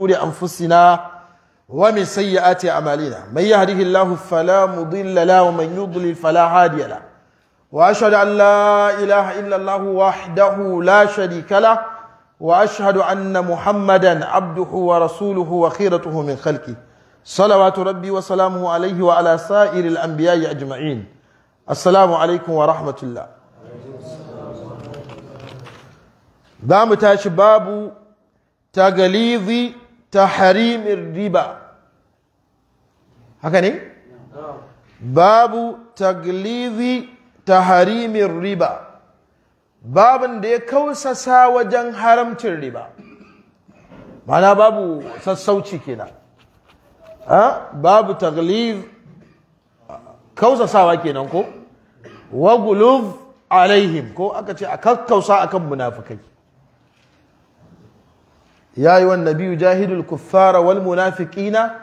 shururi anfusina wa min sayyiati a'malina may yahdihillahu fala mudilla wa man wa ashhadu an la ilaha illa allah wahdahu wa ashhadu muhammadan abduhu wa rasuluhu wa khiratuhu min khalqi salawatu rabbi ajma'in assalamu alaykum wa rahmatullah za tashi babu tagalivi. tahrimin riba haka ne babu taglizi tahrimin riba babin da ya kausasa wajen haramcin riba mana babu sassauci kenan babu tagliz kausasawa kenan ko wagulub alaihim ko aka ce a kakkausa akan munafikai ya yi wa nabiyu jahidul kuffara wal munafiqina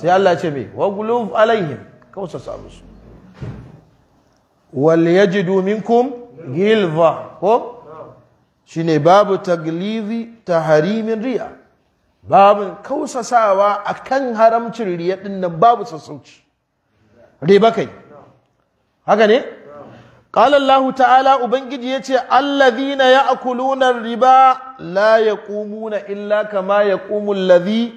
sai Allah ce me wa gulub alaihim kausa samu su wal yajidu minkum gilva ko shine babu taglizi taharimin riya Babu babin kausasawa kan haramcin riya din nan babu sassauci riba kai haka ne قال الله ce Allah yace alladhina ya'kuluna riba la ya yaqumuna illa kama yaqumu alladhi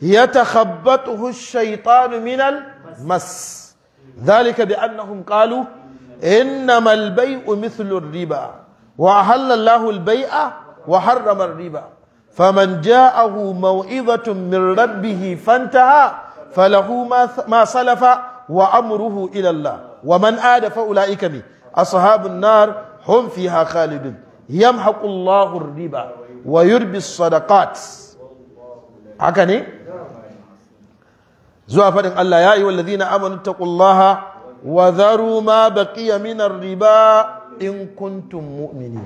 yatakhabbathu ash-shaytanu min al-mas dhalika bi annahum ƙalu innama al-bay'u mithlu ar-riba wa ahalla Allahu al-bay'a wa harrama ar-riba faman ja'ahu maw'izatun min rabbih fantaha falahu ma salafa wa amruhu ilalla wa man ada fa ulaika bihi ashabun nar hum fiha khalidun yamhaqu Allahu riba wa yurbi sadaqat haka ne zuwa fadin Allah ya yi ladina amanu taqullaha wa dharu ma baqiya min riba in kuntun mumini.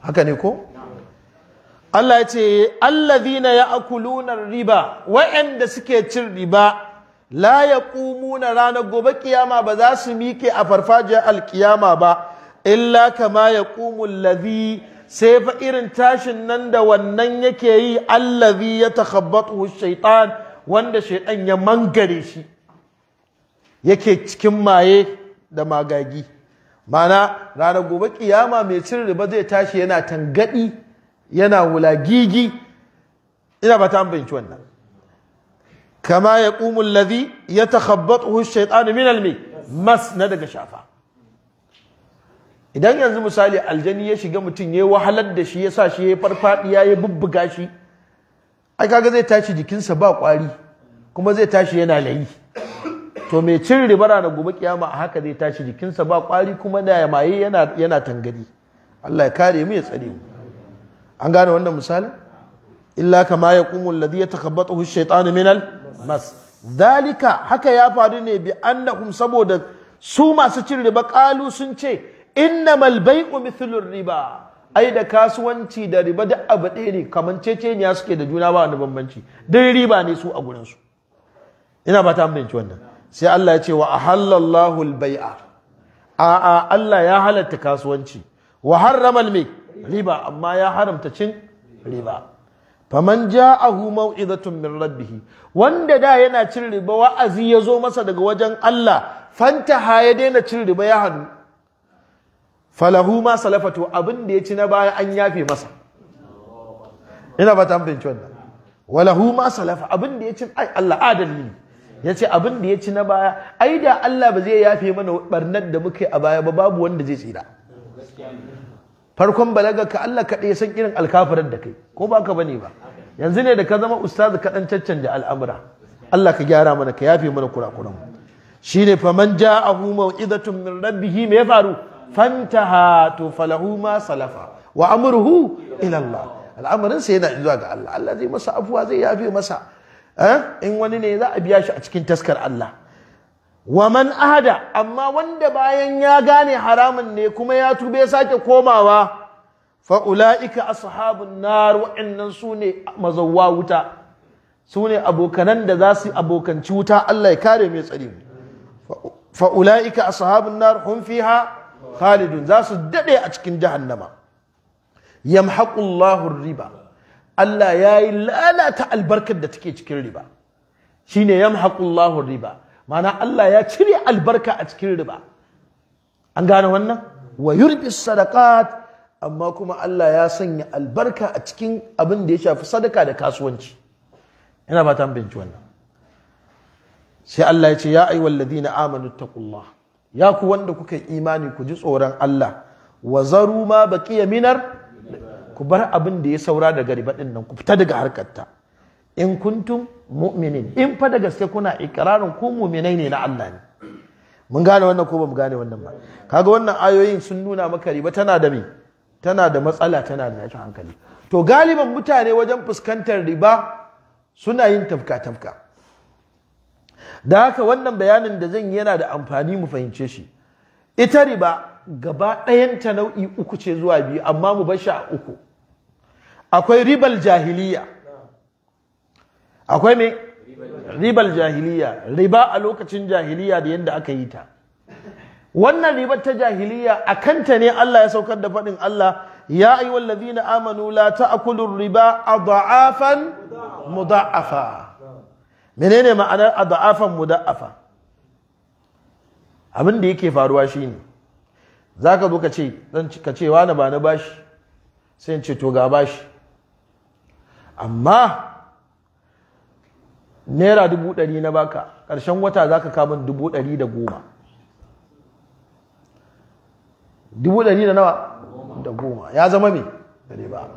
haka ne ko Allah ya ce allazina ya'kuluna riba wa'anda suke cin riba la na ranar gobe kiyama ba za su miƙe a farfajiyar alkiyama ba illa kama ya yaqumu lazi sai fa irin tashin nan da wannan yake yi allazi ya takhabbatu shaitan wanda shaitan ya mangare shi yake cikin maye da magagi mana ranar gobe kiyama mai cin riba zai tashi yana tangadi yana wulagigi ina ba ta ambanci wannan kama ya ƙumun ladhi ya takhabbatuhu shaytanu min almi mas na daga shafa idan yanzu misali aljani ya shiga mutum ya wahalar da shi ya sa shi ya farfadiya ya bubbuga shi ai kaga zai tashi jikinsa ba kwari kuma zai tashi yana layi to mai cin ba na gobe kiyama a haka zai tashi jikinsa ba kwari kuma da ya maye yana yana tangadi Allah ya kare mu ya tsare mu an gane wannan misalin illa kama yaqumu alladhi yatakhabbathu ash-shaytanu min al mas zalika haka ya faru ne bi annahum saboda su masu cin riba kalu sun ce innamal bai'u mithlur riba ai da kasuwanci da riba duk abu ɗaya ne kamar ceceniya suke da juna ba wani bambanci dai riba ne su a gurin su ina ba ta ambanci wannan sai Allah ya ce wa ahallallahu al a a Allah ya halatta kasuwanci wa harrama riba amma ya haramta cin riba faman ja'ahu maw'izatun min rabbihi wanda da yana cin riba wa'azi ya zo masa daga wajen Allah fantaha ya daina cin riba ya hannu falahu ma salafatu abin da ya ci na baya an yafe masa ina ba ta fahimci wannan walahu ma salafa abin da ya ci ai Allah adali ne ya ce abin da ya ci na baya ai da Allah ba zai yafe mana barnar da muka yi a baya ba babu wanda zai tsira farkon balaga ka Allah kaɗai ya san irin alkafirar da kai ko ba ka bane ba yanzu ne da ka zama ustazu ka dan caccanja al'amura Allah ka gyara mana ka yafe mana kurakuran shine faman ja'ahu mau'izatun min rabbih me ya faru fantaha to falahu ma salafa wa amruhu ila Allah al'amarin yana zuwa ga Allah Allah zai masa afuwa zai yafe masa eh? in wani ne za a biya shi a cikin taskar Allah wa man ahada amma wanda bayan ya gane haramun ne kuma ya tube sake komawa fa'ula'ika ashabun nar wa'annan su ne mazauwa wuta Sune ne abokanan da za su abokanci wuta Allah ya kare mai tsari fa'ula'ika ashabun nar hun fiha khalidun za su daɗe a cikin jahannama yamhaqullahu riba Allah ya yi lalata albarkar da take cikin riba shine yamhaqullahu riba Mana Allah ya cire albarka a cikin riba an gane wannan wa yurbi sadaqat amma kuma Allah ya sanya albarka a cikin abin da ya shafi sadaka da kasuwanci ina ba ta binci wannan sai Allah ya ce ya ayi walladina amanu taqullah ya ku wanda kuka imani ku ji tsoron Allah wa zaru ma baqiya minar ku bar abin da ya saura daga riba din nan ku fita daga harkarta in kuntum mu'minin in fa da gaske kuna ikrarin ku mu'minai ne na Allah ne mun gane wannan ko ba mu gane wannan ba kaga wannan ayoyin sun nuna maka riba tana da me tana da matsala tana da tashin hankali to galiban mutane wajen fuskantar riba suna yin tafka-tafka da haka wannan bayanin da zan yana da amfani mu fahimce shi ita riba gaba ɗayanta nau'i uku ce zuwa biyu amma mu bar a uku akwai ribal jahiliya akwai me ribal jahiliya riba a lokacin jahiliya da yadda aka yi ta wannan ribar ta jahiliya a kanta ne Allah ya saukar da faɗin Allah ya wallazi na amanu la akulun riba a adha'afan mudha'afa menene ma'anar da'afan mudha'afa abin da yake faruwa shi ne. zo ka ce ka ce wani ba na bashi sai ce to ga bashi amma naira dubu ɗari na baka ƙarshen wata zaka kamun dubu ɗari da goma dubu ɗari da nawa da goma ya zama ba.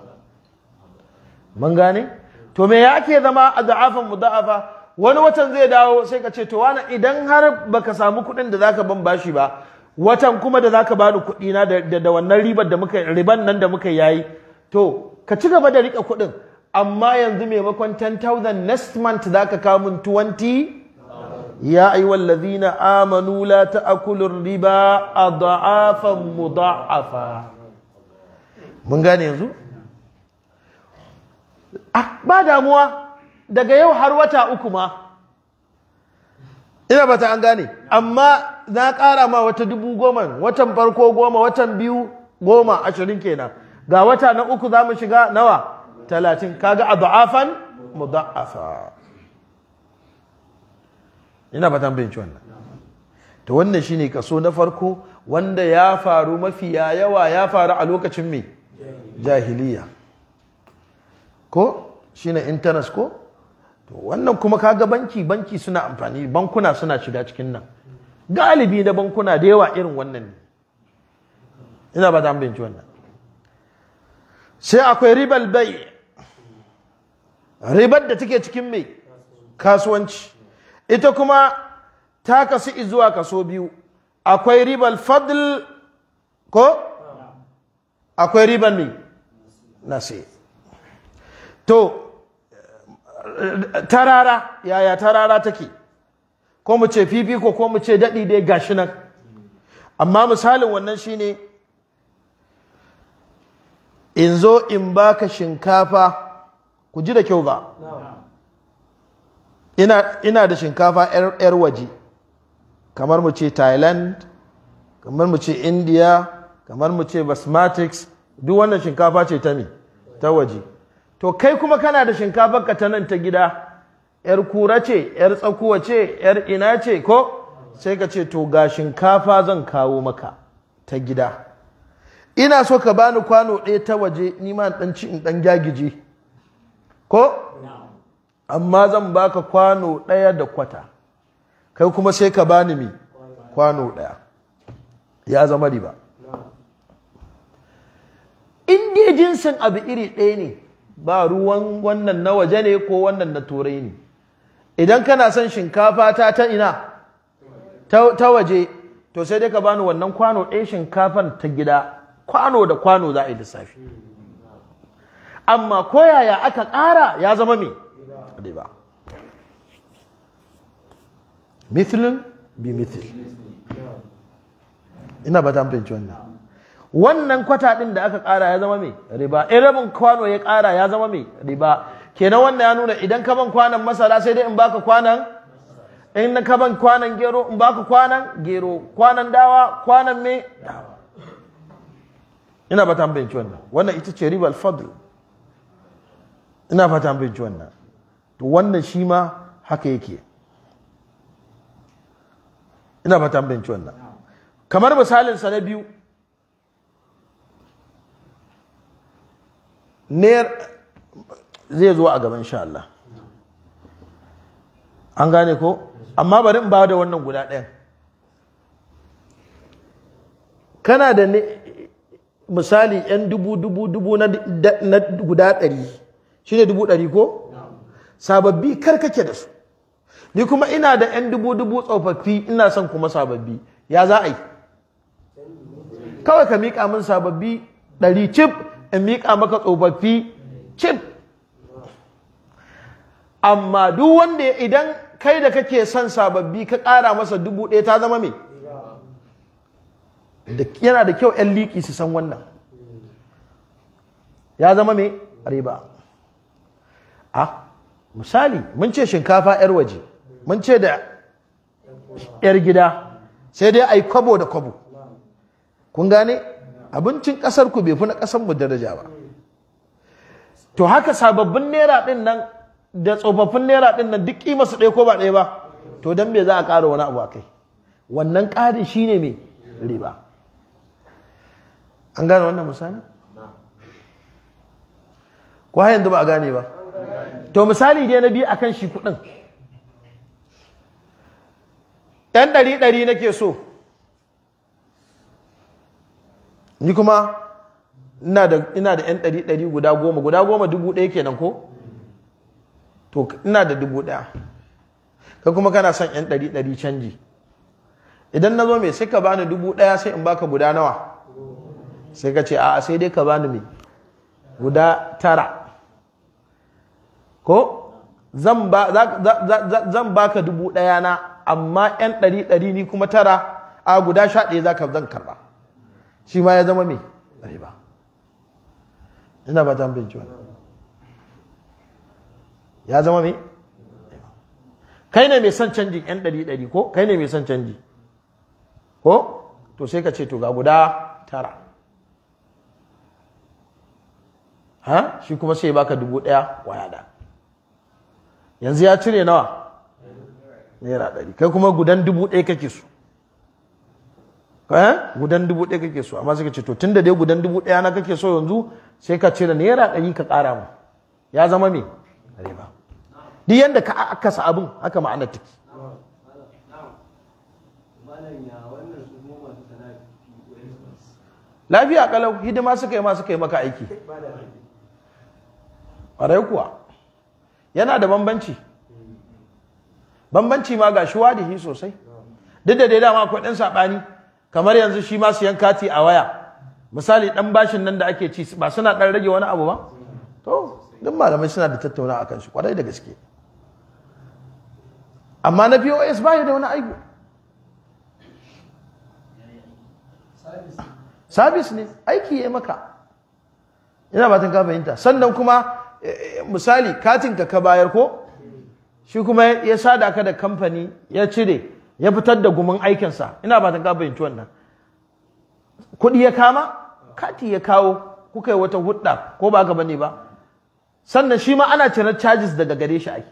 mun gane to me ya ke zama a mu da'afa wani watan zai dawo sai ka ce to wani idan har baka samu kuɗin da zaka ban bashi ba watan kuma da zaka bani kuɗi na da wannan ribar da muka riban nan da muka yayi to ka ci gaba da rika kuɗin amma yanzu maimakon 10000 next month zaka kawo min 20 يا أيها الذين آمنوا لا تأكلوا الربا أضعافا مضاعفا من gane yanzu ba damuwa daga yau har wata uku ma ina bata an gane amma na ƙara ma wata dubu goma watan farko goma watan biyu goma ashirin kenan ga wata na uku za mu shiga nawa talatin kaga a da'afan mu da'afa ina fatan fahimci wannan to wannan shine kaso na farko wanda ya faru mafiya yawa ya faru a lokacin me jahiliya ko shine internet ko to wannan kuma kaga banki banki suna amfani bankuna suna shiga cikin nan galibi na bankuna da yawa irin wannan ne ina ba ta binci wannan sai akwai ribal bai ribar da take cikin mai kasuwanci ita kuma ta kasu izuwa kaso biyu akwai ribar fadl ko akwai riban ne nasi to tarara yaya tarara take ko mu ce fifiko ko mu ce daɗi dai gashi nan amma misalin wannan shine in zo in baka shinkafa ku ji da kyau ba ina da shinkafa 'yar waje kamar mu ce thailand kamar mu ce india kamar mu ce basmatics duk wannan shinkafa ce ta me ta waje to kai kuma kana da shinkafa ka ta nan ta gida 'yar kura ce 'yar tsakuwa ce 'yar ina ce ko sai ka ce to ga shinkafa zan kawo maka ta gida ina so ka bani kwano ɗaya ta waje ni ma ɗan ci in ɗan gyagije ko amma zan baka kwano ɗaya da kwata kai kuma sai ka bani mi kwano ɗaya ya zama riba inda jinsin abu iri ɗaya ne ba ruwan wannan na waje ne ko wannan na turai ne idan kana son shinkafa ta ta ina ta waje to sai dai ka bani wannan kwano ɗaya shinkafan ta gida kwano da kwano za a yi lissafi amma koyaya aka ƙara ya zama mai. wannan kwata din da aka ƙara ya zama me riba eh, in kwano ya ƙara ya zama me riba kenan wannan ya nuna idan ka ban kwanan masara sai dai in baka kwanan in ka ban kwanan gero in baka kwanan gero kwanan dawa kwanan me dawa ina to wannan shi ma haka yake ina fata binci wannan kamar misalinsa na biyu zai zo a gaban sha Allah an gane ko amma bari in ba da wannan guda ɗayan kana da misali 'yan dubu dubu dubu na guda ɗari shi ne dubu ɗari ko? sababbi kar kake da su ni kuma ina da yan dubu dubu tsofaffi ina son kuma sababbi ya za a yi kawai ka miƙa min sababbi ɗari cif in miƙa maka tsofaffi cif amma duk wanda idan kai da kake son sababbi ka ƙara masa dubu ɗaya ta zama me yana da kyau 'yan liƙi su san wannan ya zama me riba a ah, misali mun ce shinkafa yar waje mun ce da yar gida sai dai ai kwabo da kwabo kun gane abincin kasar ku bai fi na kasar mu daraja ba to haka sababbin naira din nan da tsofaffin naira din nan duk kima su ɗaya ko ba ɗaya ba to dan me za a ƙara wani abu akai wannan ƙarin shine me riba an gane wannan misali ko har yanzu ba a gane ba to misali dai na biyu a kan shi kuɗin ɗan ɗari ɗari nake so ni kuma ina da ‘yan ɗari ɗari guda goma guda goma dubu ɗaya kenan ko? to ina da dubu ɗaya ka kuma kana son ‘yan ɗari ɗari canji idan na zo mai sai ka bani dubu ɗaya sai in baka guda nawa sai ka ce a sai dai ka bani mai guda tara ko zan ba ka dubu ɗaya na amma yan ɗari ɗari ni kuma tara a guda sha ɗaya za ka zan karɓa shi ma ya zama me riba ina ba ta binci wani ya zama me kai ne mai son canji yan ɗari ɗari ko kai ne mai son canji ko to sai ka ce to ga guda tara ha shi kuma sai baka dubu ɗaya waya da yanzu ya cire nawa naira ɗari kai kuma gudan dubu ɗaya kake so eh? gudan dubu ɗaya kake so amma suka ce to tun da dai gudan dubu ɗaya na kake so yanzu sai ka cire naira ɗari ka ƙara mu ya zama me riba duk yadda ka akasa abin haka ma'ana tiki lafiya kalau hidima suka yi ma suka yi maka aiki ƙwarai kuwa yana da bambanci bambanci ma ga shi wadihi sosai duk da dai dama akwai ɗan saɓani kamar yanzu shi ma siyan kati a waya misali ɗan bashin nan da ake ci ba suna ɗan rage wani abu ba to duk malamai suna da tattauna a shi kwarai da gaske amma na pos ba da wani aibu sabis ne aiki ya maka ina batun ka fahimta sannan kuma misali katin ka ka bayar ko shi kuma ya sada ka da kamfani ya cire ya fitar da gumin aikinsa ina ba ta ka fahimci wannan kuɗi ya kama kati ya kawo kuka yi wata hudda ko ba gaba ne ba sannan shi ma ana cirar charges daga gare shi ai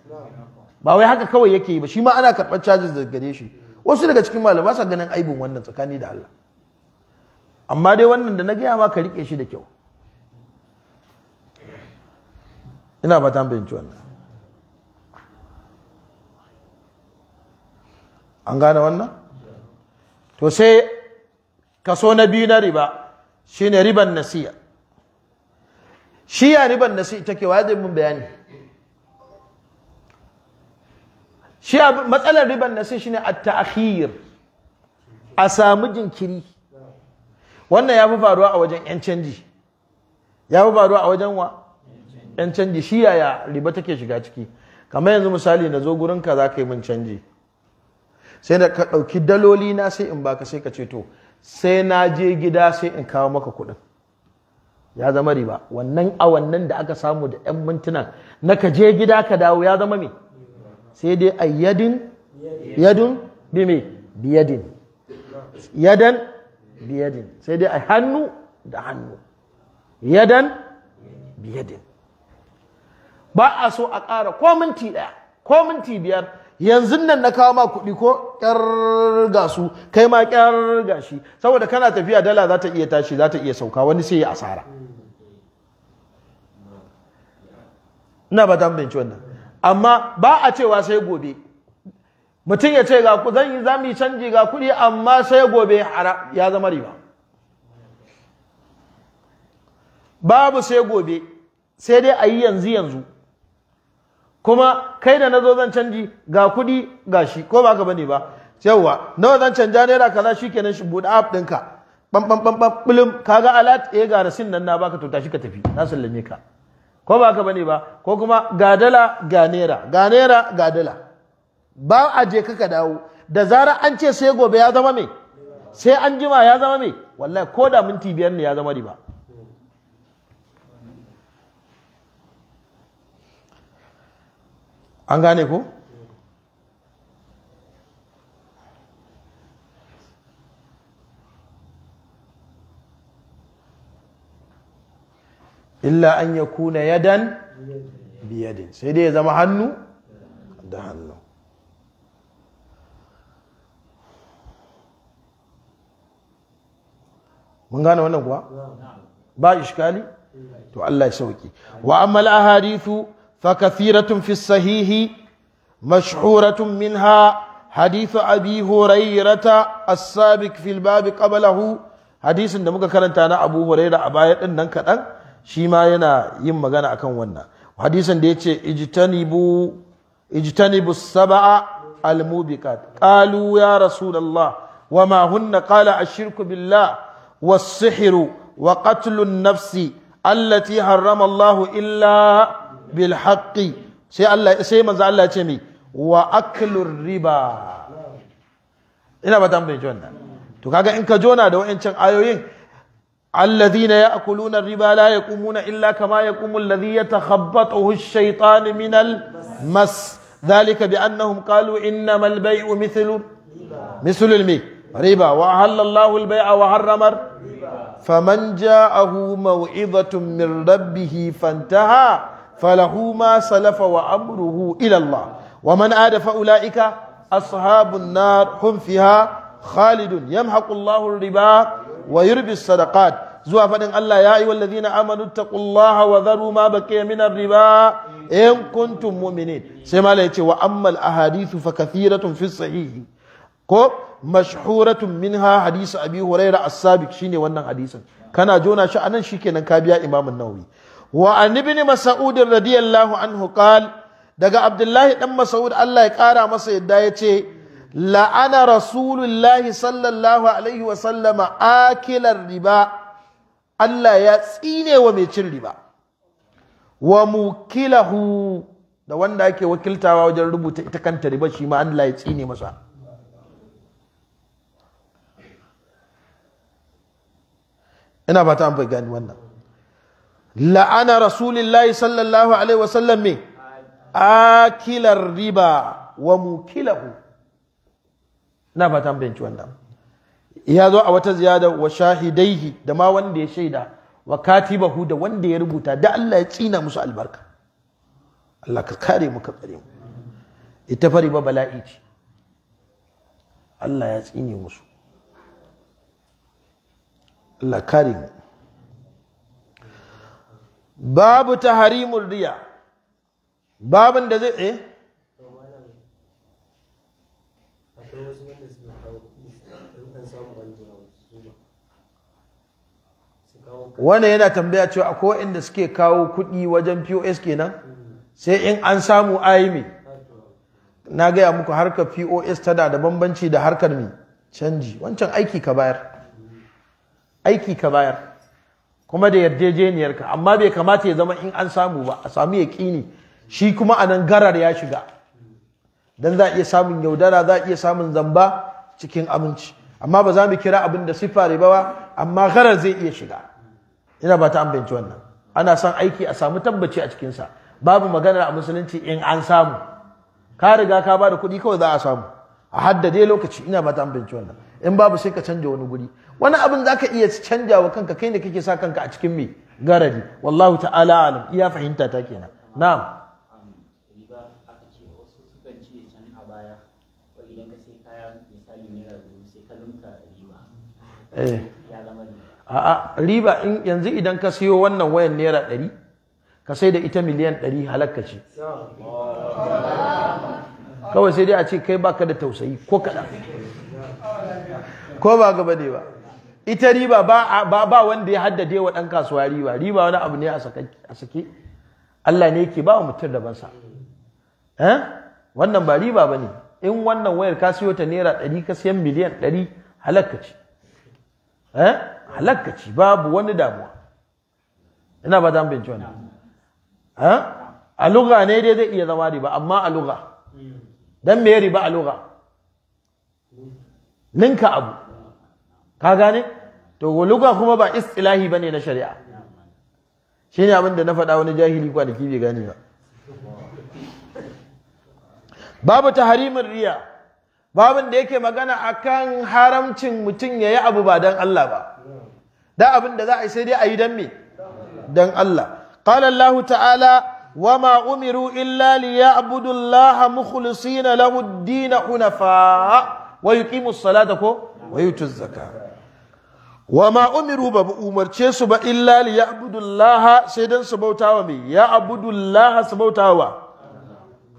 ba wai haka kawai yake yi ba shi ma ana karɓar charges daga gare shi wasu daga cikin malamai sa ganin aibin wannan tsakani da Allah amma dai wannan da na gaya ma ka rike shi da kyau ina ba tambayin fahimci wannan an gane wannan to sai kaso na biyu na riba shine riban nasiya shi ya riban nasiya take mun bayani shiya matsalar riban nasiya shine a takhir a samu jinkiri wannan ya fi faruwa a wajen 'yan canji ya fi faruwa a wajen wa yan canji shi yaya riba take shiga ciki kamar yanzu misali na zo gurin ka za ka yi min canji sai da ka ɗauki daloli na sai in baka sai ka ce to sai na je gida sai in kawo maka kuɗin ya zama riba wannan awannan da aka samu da 'yan mintunan na ka je gida ka dawo ya zama me sai dai a yadin yadin bi me biyadin yadan biyadin sai dai a hannu da hannu yadan biyadin ba a so a ƙara ko minti ɗaya ko minti biyar yanzu nan na kawo ma kuɗi ko ƙyar gasu kai ma ƙyar gashi saboda kana tafiya dala za ta iya tashi za ta iya sauka wani sai ya asara ina ba ta binci wannan amma ba a cewa sai gobe mutum ya ce ga ku zan yi za mu yi canji ga kuɗi amma sai gobe ya zama riba babu sai gobe sai dai a yi yanzu yanzu kuma kai da nazo zan canji ga kuɗi ga shi ko ba ka bane ba yawwa nawa zan canja naira kaza shikenan shi buɗe app ɗinka bam bam bam bam bulum kaga alat eh ga rasin nan na baka to tashi ka tafi na sallame ka ko ba ka bane ba ko kuma ga dala ga naira ga naira ga dala ba a je ka dawo da zara an ce sai gobe ya zama me sai an jima ya zama me wallahi ko da minti biyar ne ya zama riba an gane ko illa an ya kuna yadan biyadin sai dai ya zama hannu da hannu mun gane wannan kuwa ba ishkali to Allah ya sauki wa amma al ahadithu فكثيرة في الصحيح مشهورة منها حديث أبي هريرة السابق في الباب قبله حديث da muka karanta na Abu Huraira a baya din nan kadan shi ma yana yin magana akan wannan hadisin da yace ijtanibu ijtanibu sab'a almubiqat qalu ya rasulullah wama hunna qala ashirku billah was-sihru wa qatlun nafsi allati harrama Allah illa bil haqqi sai Allah sai manzo Allah ce mi wa aklur riba ina ba tambaye ji wannan to kaga in ka jona da wayancin ayoyin ya alladhina ya'kuluna riba la ya yaqumuna illa kama yaqumu alladhi yatakhabbathu ash-shaytanu min al-mas dhalika bi annahum qalu innama al-bay'u mithlu mithlu riba wa ahalla Allahu al-bay'a wa harrama riba faman ja'ahu maw'izatun min rabbih fantaha falahu ma salafa wa amruhu ila wa man ada fa ulaika ashabun nar hum khalidun yamhaqu Allahu riba wa yurbi sadaqat zuwa faɗin Allah ya yi wallazi na amanu taqullaha wa zaru ma baqiya min riba in kuntum sai mala yace wa ammal ahadithu fa kathiratun fi sahihi ko mashhuratun minha hadisu abi huraira as-sabiq shine wannan hadisin kana jona shi anan shikenan ka biya imamun nawawi wa an ibn mas'ud radiyallahu anhu qal daga abdullahi dan mas'ud Allah ya kara masa yadda yace la'ana rasulullahi sallallahu alaihi wa sallama akilar riba Allah ya tsine wa mai cin riba wa mukilahu da wanda ake wakiltawa wajen rubuta ita kanta riba shi ma Allah ya tsine masa ina ba ta amfani gani wannan la'ana rasulillahi sallallahu alaihi wasallam me akilar riba wa mukilahu na ba tambayanci wannan ya zo a wata ziyada wa shahidaihi da ma wanda ya shaida wa katibahu da wanda ya rubuta da Allah ya tsina musu albarka Allah ka kare mu ka tsare mu ita fari ba bala'i ce Allah ya tsine musu Allah kare mu babu ta riya babin da zai tsaye eh? wane yana tambaya cewa akwai inda suke kawo kuɗi wajen POS kenan sai in an samu ayi na gaya muku harkar POS tana da bambanci da harkar mi canji wancan aiki ka bayar aiki ka bayar kuma da yarjejeniyarka amma bai kamata ya zama in an samu ba a samu yaƙini shi kuma a nan garar ya shiga dan za a iya samun yaudara za a iya samun zamba cikin aminci amma ba za mu kira abin da siffa riba ba amma garar zai iya shiga ina ba ta ambanci wannan ana son aiki a samu tabbaci a cikinsa babu maganar a musulunci in an samu ka riga ka ba da kuɗi kawai za a samu a haddade lokaci ina ba ta ambanci wannan in babu sai ka canja wani guri wani abin za ka iya canja wa kanka kai ne kake sa kanka a cikin mai garadi wallahu ta'ala alam iya fahimta ta kenan na'am eh. a'a riba in yanzu idan ka siyo wannan wayan naira ɗari ka sai da ita miliyan ɗari halakka ce kawai sai dai a ce kai baka da tausayi ko kaɗan ko ba gaba ne ba ita riba ba ba wanda ya haddade wa ɗan kasuwa riba riba wani abu ne a sake Allah ne yake ba wa mutum rabansa eh? wannan ba riba ba ne in wannan wayar ka siyo ta naira 100 ka siyan miliyan 100 halakka ce eh? halakka ce babu wani damuwa ina ba dan binci wani a lugha ne dai zai iya zama riba amma a lugha dan me riba a lugha ninka abu ka gane to luga kuma ba istilahi bane na shari'a shine abin da na faɗa wani jahili kwanaki bai gani ba babu taharimin riya babin da yake magana akan haramcin mutum ya yi abu ba don Allah ba da abin da za a yi sai dai a yi dan me don Allah qala Allah ta'ala wa ma umiru illa liya'budu Allah mukhlisina lahu ad-din hunafa wa yuqimu as-salata ko wa yutu wa ma umiru ba umarce su ba illa li ya'budullaha sai don su bautawa me ya'budullaha su bautawa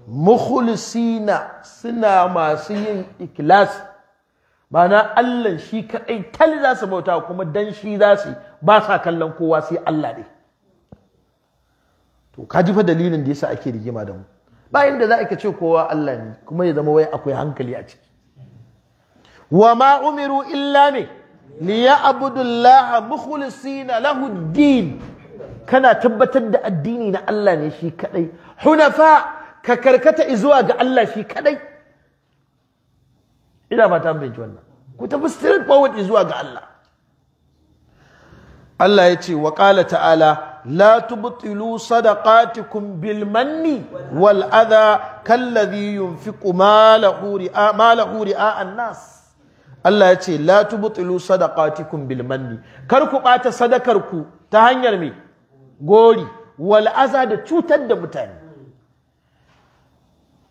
mukhlisina suna masu yin ikilas ba na Allah shi kaɗai tali za su bauta kuma dan shi za su ba sa kallon kowa sai Allah ne to ka ji fa dalilin da sa ake rigima da mu ba inda za a ce kowa Allah ne kuma ya zama wai akwai hankali a ciki wa ma umiru illa ne liya'budu Allah mukhlisina lahu din kana tabbatar da addini na Allah ne shi kadai hunafa ka karkata zuwa ga Allah shi kadai ina fata mun ji wannan ku tafi straight forward zuwa ga Allah Allah ya ce wa qala ta'ala la tubtilu sadaqatikum bil manni wal adha kalladhi yunfiqu malahu ri'a malahu ri'a Allah ya ce la tubtilu sadaqatikum bil manni kar ku bata sadakar ku ta hanyar me gori wal aza da cutar da mutane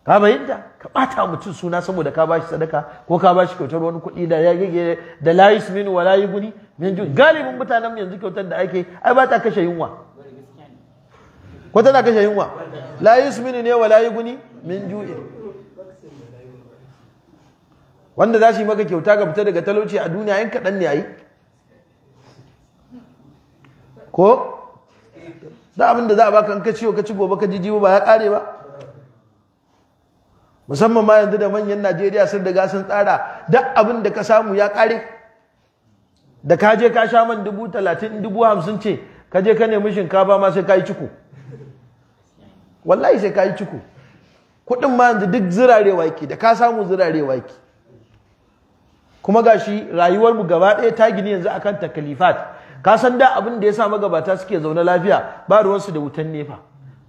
ka bayyana ka bata mutum suna saboda ka bashi sadaka ko ka bashi kyautar wani kuɗi da ya gege da la yusminu wa yuguni yughni ju galibin mutanen yanzu kyautar da ake ai ba ta kashe yunwa ko tana kashe yunwa la yusminu ne wa yuguni yughni min wanda za su yi maka kyauta ga fita daga talauci a duniya yin kaɗan ne a yi ko da abin da za a baka in ka ciwo ka ci gobe ka jijiyo ba ya ƙare ba musamman ma yanzu da manyan najeriya sun daga sun tsara da abin da ka samu ya ƙare da ka je ka sha man dubu talatin dubu hamsin ce ka je ka nemi shinkafa ma sai ka yi ciko wallahi sai ka yi ciko kuɗin ma yanzu duk zirarewa yake da ka samu zirarewa yake kuma gashi rayuwar mu gaba ɗaya ta gini yanzu akan takalifat ka san da abin da ya sa magabata suke zaune lafiya ba ruwansu da wutan nefa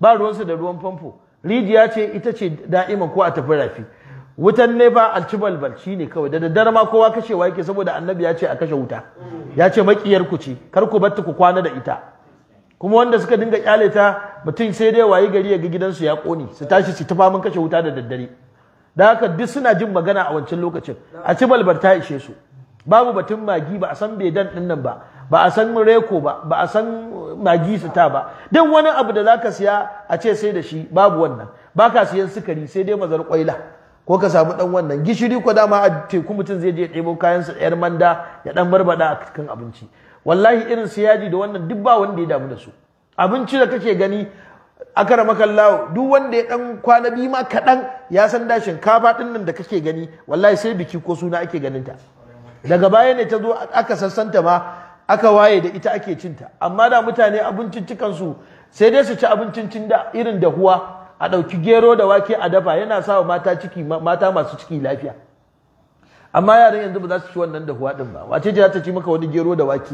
ba ruwansu da ruwan famfo rijiya ce ita ce da'iman ko a tafi rafi wutan nefa alcibal balci ne kawai da daddare ma kowa kashewa yake saboda annabi ya ce a kashe wuta ya ce makiyar ku ce kar ku bar ku kwana da ita kuma wanda suka dinga kyale ta mutum sai dai wayi gari ya ga gidansu ya kone su tashi su tafa mun kashe wuta da daddare da haka duk suna jin magana a wancan lokacin a ci balbar ta ishe su babu batun magi ba a san bedan din nan ba ba a san reko ba ba a san magi su ta ba duk wani abu da zaka siya a ce sai da shi babu wannan baka siyan sukari sai dai mazar kwaila ko ka samu dan wannan gishiri ko dama a teku mutum zai je ya ɗebo kayan sa 'yar manda ya dan barbada a cikin abinci wallahi irin su yaji da wannan duk ba wanda ya damu da su abinci da kake gani akara makallawo duk wanda ya dan kwana biyu ma kaɗan ya san da shinkafa ɗin nan da kake gani wallahi sai biki ko suna ake ganin ta daga baya ne ta zo aka sassanta ma aka waye da ita ake cinta amma da mutane abincin su sai dai su ci abincin cin da irin dahuwa a ɗauki gero da wake a dafa yana sa mata ciki mata masu ciki lafiya amma yaran yanzu ba za su ci wannan dahuwa din ba wace ce za ta ci maka wani gero da wake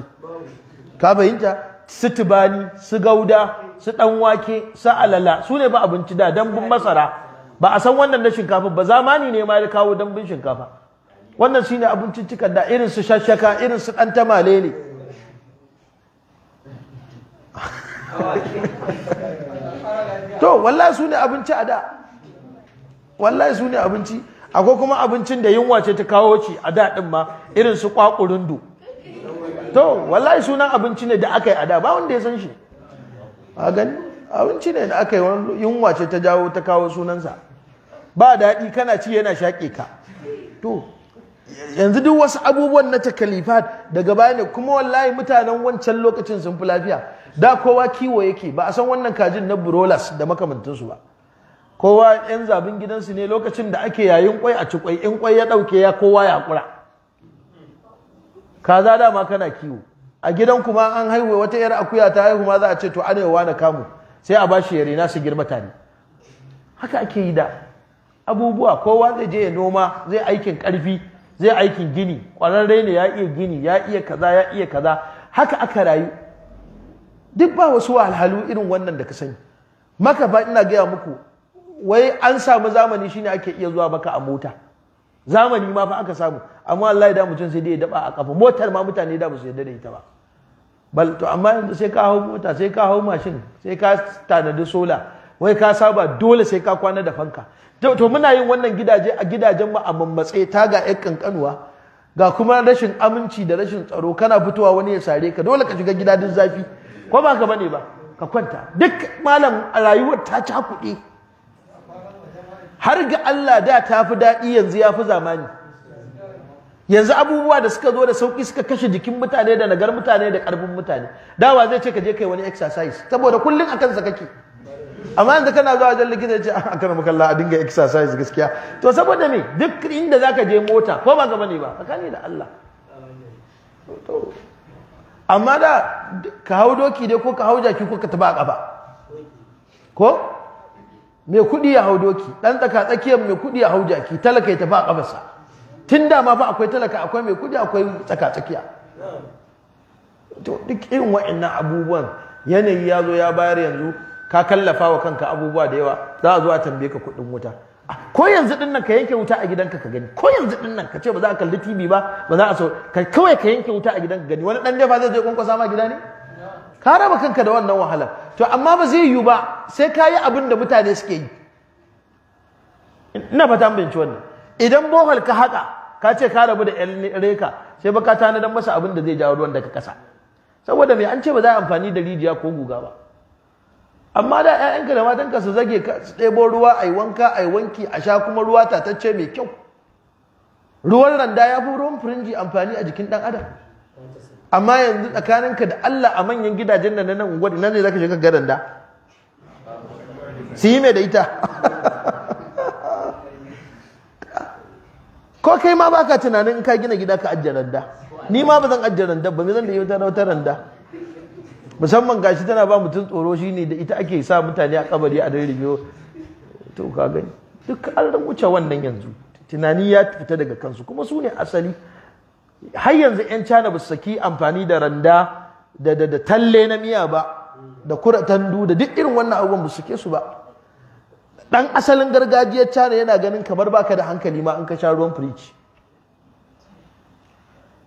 ka fahimta su tubani su gauda su ɗan wake su alala su ne ba abinci da dambun masara ba a san wannan na shinkafa ba zamani ne ma ya kawo dambun shinkafa wannan shine abincin cikan da irin su shashaka irin su ɗan ne to wallahi su ne abinci a da wallahi su ne abinci akwai kuma abincin da yunwa ce ta kawo ci a da ɗin ma irin su kwakurundu to wallahi sunan abinci ne da aka yi a da ba wanda ya san shi a gani abinci ne da aka yi yunwa ce ta jawo ta kawo sunansa ba daɗi kana ci yana shaƙe ka to yanzu duk wasu abubuwan na takalifat daga baya ne kuma wallahi mutanen wancan lokacin sun fi lafiya da kowa kiwo yake ba a san wannan kajin na burolas da makamantansu ba kowa yan zabin gidansu ne lokacin da ake yayin kwai a cikwai kwai in kwai ya ɗauke ya kowa ya kura kaza dama kana kiwo a gidan kuma an haihuwa wata yar akuya ta haihu ma za a ce to ana yawa na kamu sai a bashi yare na su girma tare haka ake yi da abubuwa kowa zai je ya noma zai aikin karfi zai aikin gini kwararre ne ya iya gini ya iya kaza ya iya kaza haka aka rayu duk ba wasu wahalhalu irin wannan da ka sani maka ba ina gaya muku wai an samu zamani shine ake iya zuwa maka a mota zamani ma fa aka samu amma Allah da mutum sai dai ya daba a kafa motar ma mutane da ba su yarda da ita ba bal to amma yanzu sai ka hau mota sai ka hau mashin sai ka tanadi sola wai ka saba dole sai ka kwana da fanka to muna yin wannan gidaje a gidajen mu a mammatse ta ga yan kankanuwa ga kuma rashin aminci da rashin tsaro kana fitowa wani ya sare ka dole ka shiga gidajen zafi ko ba ka bane ba ka kwanta duk malam rayuwar ta cakuɗe har ga Allah da ta fi daɗi yanzu ya fi zamani yanzu abubuwa da suka zo da sauki suka kashe jikin mutane da nagar mutane da karbin mutane dawa zai ce ka je kai wani exercise saboda kullun akan sa kake amma yanzu kana zuwa wajen likita ce a ah, kana makalla a dinga exercise gaskiya to saboda me duk inda zaka je mota ko ba gaba ne ba tsakani da Allah amma da ka hau doki dai ko ka hau jaki ko ka taba a kafa ko me kudi ya hau doki dan tsaka tsakiyar me kudi ya hau jaki talaka ya tafi a sa tun da ma fa akwai talaka akwai mai kudi akwai tsaka-tsakiya to duk irin wa'annan abubuwan yanayi ya zo ya bayar yanzu ka kallafa wa kanka abubuwa da yawa za a zo a tambaye ka kuɗin wuta ko yanzu din nan ka yanke wuta a gidanka ka gani ko yanzu din nan ka ce ba za a kalli TV ba ba za a so ka kawai ka yanke wuta a gidanka gani wani dan dafa zai je kwankwasa ma gida ne ka raba kanka da wannan wahala. to amma ba zai yiwu ba sai ka yi abin da mutane suke yi ina fata mun binci wannan idan bohol ka haka ka ce ka rabu da yan reka sai baka tanadar masa abin da zai jawo ruwan daga kasa saboda mai an ce ba za a amfani da rijiya ko guga ba amma da 'ya'yanka da matanka su zage su ɗebo ruwa a yi wanka a yi wanki a sha kuma ruwa tatacce mai kyau ruwan randa ya fi ruwan firinji amfani a jikin ɗan adam amma yanzu tsakaninka da Allah a manyan gidajen da na nan gwadi nan ne zaka shiga ga randa su yi mai da ita ko kai ma baka tunanin in ka gina gida ka ajiye randa ni ma ba zan ajiye randa ba me zan da wata wata randa musamman gashi tana ba mutum tsoro ne da ita ake sa mutane a kabari a dare rigiyo to ka gani duk an wuce wannan yanzu tunani ya fita daga kansu kuma su ne asali har yanzu 'yan cana ba su saki amfani da randa da talle na miya ba da kuratandu da duk irin wannan abubuwan ba su ke su ba dan asalin gargajiyar cana yana ganin kamar baka da hankali ma in ka sha ruwan firiji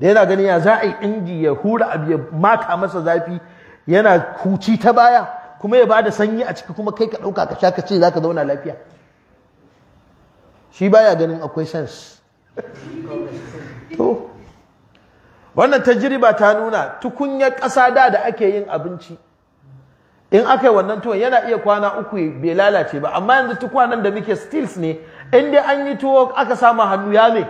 da yana ganin ya za a yi inji ya hura abu ya maka masa zafi yana huci ta baya kuma ya bada sanyi a ciki kuma kai ka ɗauka ka sha ka ce za ka zauna lafiya shi baya ganin akwai sans Wannan wannan tajriba ta nuna tukunyar ƙasa da da ake yin abinci in aka yi wannan tuwon yana iya kwana uku bai lalace ba amma yanzu kwanan da muke stils ne in dai an yi tuwo aka samu hannu ya mai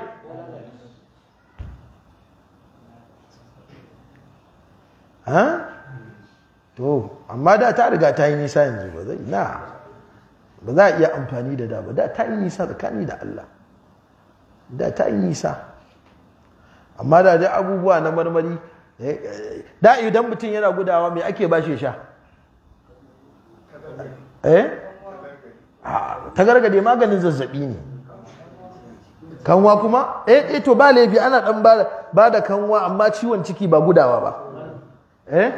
ha to amma da ta riga ta yi nisa yanzu ba zai na ba za a iya amfani da da ba da ta yi nisa tsakani da Allah da ta yi nisa amma da dai abubuwa na marmari eh, eh, da idan mutum yana gudawa mai ake ba shi sha eh ta gargade maganin zazzabi ne kanwa kuma eh eh to ba laifi ana dan ba da kanwa amma ciwon ciki ba gudawa ba eh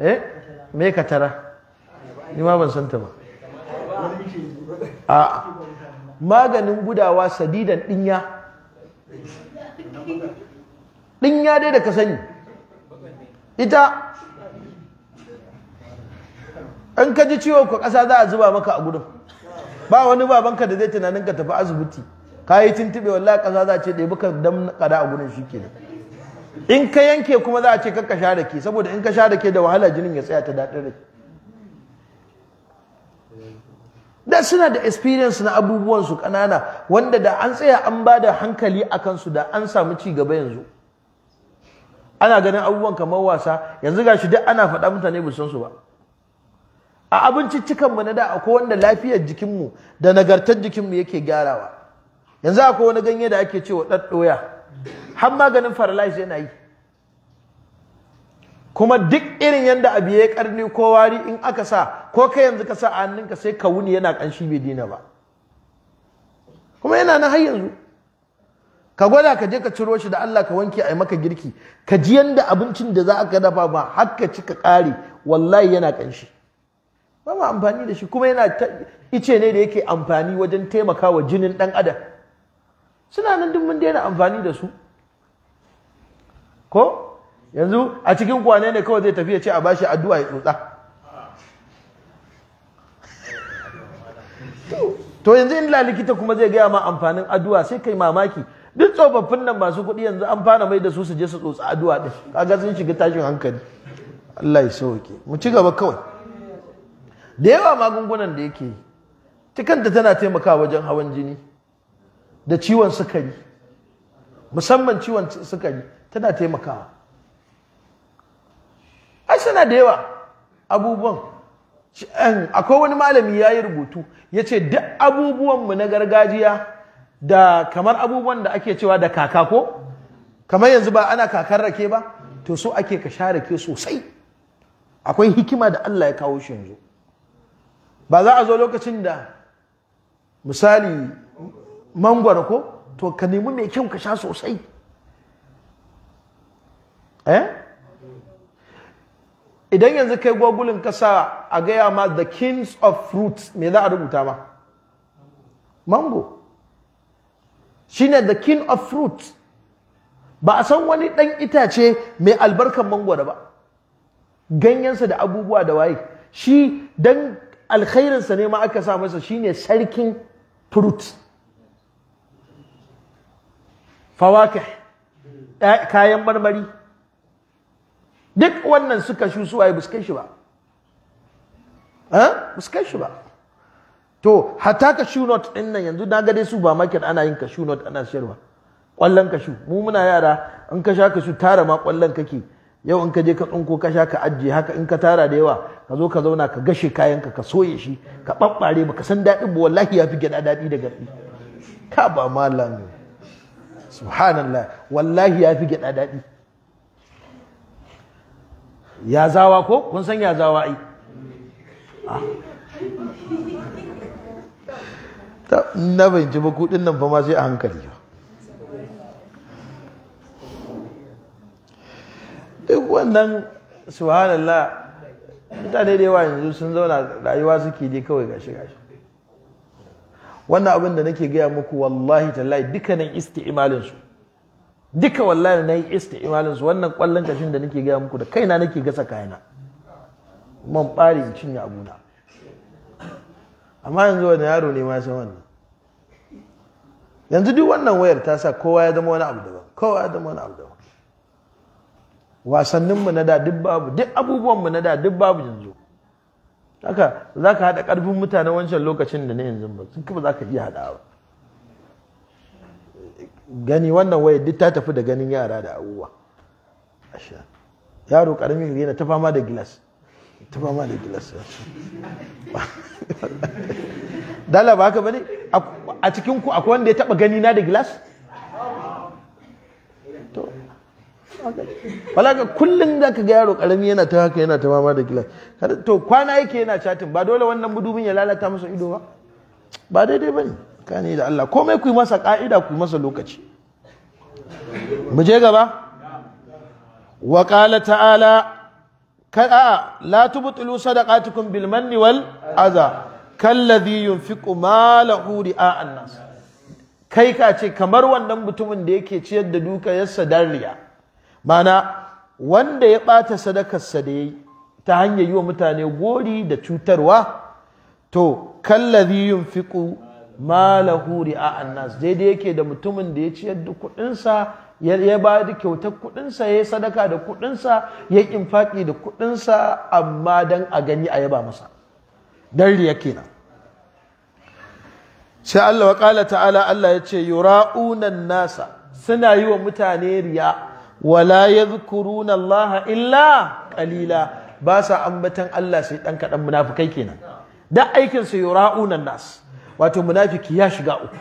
eh me ka tara ni ma ban san ta ba a maganin gudawa sadidan dinya dinya dai da ka sani ita in ka ji ciwo ku ƙasa za a zuba maka a gudun ba wani babanka da zai tunanin ka tafi asibiti ka yi tuntuɓe wallahi ƙasa za a ce ɗebi ka dam kada a gudun shi kenan in ka yanke kuma za a ce kakka sha rake saboda in ka sha rake da wahala jinin ya tsaya ta daɗi rai da suna da experience na abubuwan su ƙanana wanda da an tsaya an ba da hankali a kansu da an samu ci gaba yanzu ana ganin abubuwan kamar wasa yanzu gashi duk ana faɗa mutane ba san su ba a abinciccikanmu na da akwai wanda lafiyar jikin mu da nagartar jikin mu yake gyarawa yanzu akwai wani ganye da ake cewa ɗoya. har maganin paralyze yana yi kuma duk irin yadda abu ya karni ko wari in aka sa ko kai yanzu ka sa a hannunka sai ka wuni yana ƙanshi bai dina ba kuma yana na har yanzu ka gwada ka je ka ciro shi da Allah ka wanke a maka girki ka ji yadda abincin da za ka dafa ba har ka ci ka ƙare wallahi yana ƙanshi ba amfani da shi kuma yana ice ne da yake amfani wajen taimakawa jinin ɗan adam suna nan duk mun daina amfani da su ko yanzu a cikin kwane ne kawai zai tafi ya ce a bashi addu'a ya tsotsa to yanzu in la likita kuma zai gaya ma amfanin addu'a sai kai mamaki duk tsofaffin nan masu kuɗi yanzu an fara mai da su su je su tsotsa addu'a din kaga sun shiga tashin hankali Allah ya sauke mu ci gaba kawai da yawa magungunan da yake yi ta tana taimakawa wajen hawan jini da ciwon sukari musamman ciwon sukari tana taimakawa ai suna da yawa abubuwan akwai wani malami ya yi rubutu ya ce duk abubuwanmu na gargajiya da kamar abubuwan da ake cewa da kaka ko kamar yanzu ba ana kakar rake ba to so ake ka share rake sosai akwai hikima da Allah ya kawo shi yanzu ba za a zo lokacin da misali mangwara ko to ka nemi mai kyau ka sha sosai eh idan yanzu kai gogulin kasa a gaya ma the kings of fruits me za a rubuta ma mango shine the king of fruits ba a san wani dan itace mai albarkan mangwara ba ganyensa da abubuwa da waye shi dan alkhairinsa ne ma aka sa masa shine sarkin fruit fawakih kayan marmari duk wannan suka shu suwaye buskai shi ba ha eh? shi ba to hatta cashew nut din nan yanzu na ga dai su ba market ana yin cashew nut ana sayarwa kwallon cashew mu muna yara in ka sha cashew tara ma kwallon kake yau in ka je ka tsinko ka sha ka ajiye haka in ka tara da yawa ka zo ka zauna ka gashe kayanka ka soye shi ka ɓaɓɓare ba ka san daɗin ba wallahi ya fi gyaɗa daɗi da garɗi ka ba malam subhanallah wallahi ya fi gyaɗa daɗi ya zawa ko kun san ya zawa ai ah. na fahimci ba kuɗin nan fa ma sai a hankali ba wannan subhanallah mutane da yawa yanzu sun zauna rayuwa suke dai kawai gashi gashi wannan abin da nake gaya muku wallahi tallahi dukkanin isti'malin su duka wallahi na yi isti'malin su wannan kwallon kashin da nake gaya muku da kaina nake gasa kayana man bari in cinye abuna amma yanzu wani yaro ne ma san wannan yanzu duk wannan wayar ta sa kowa ya zama wani abu daban kowa ya zama wani abu daban wasanninmu na da duk babu duk abubuwanmu na da duk babu yanzu haka za ka haɗa ƙarfin mutane wancan lokacin da na yanzu ba sun kuma za ka iya haɗa ba gani wannan waya duk ta tafi da ganin yara da abubuwa ashe yaro ƙaramin yana ta fama da gilas ta fama da gilas dala ba haka bane a cikin ku akwai wanda ya taɓa gani na da gilas Walaka kullum da ka ga yaro ƙarami yana ta haka yana ta mama da gila. To kwana yake yana chatin ba dole wannan mudubin ya lalata masa ido ba. Ba daidai ba ne. ne da Allah komai ku yi masa ka'ida ku yi masa lokaci. Mu je gaba. Wa qala ta'ala kada la tubtilu sadaqatukum bil manni wal adha kalladhi yunfiqu malahu ri'a an-nas. Kai ka ce kamar wannan mutumin da yake ciyar da duka yassa dariya. mana wanda ya ɓata sadakarsa da ya yi ta hanyar yi wa mutane gori da cutarwa to kallazi yunfiqu malahu a annas daidai yake da mutumin da ya ciyar da kuɗinsa ya ba da kyautar kuɗinsa ya yi sadaka da kuɗinsa ya yi faƙi da kuɗinsa amma don a gani a yaba masa don riya kenan sai Allah wa ta'ala Allah ya ce yura'unan nasa suna yi wa mutane riya wala yadhkuruna Allah illa kalila ba sa ambatan Allah sai dan kadan munafukai kenan da aikin su ra'unan nas wato munafiki ya shiga uku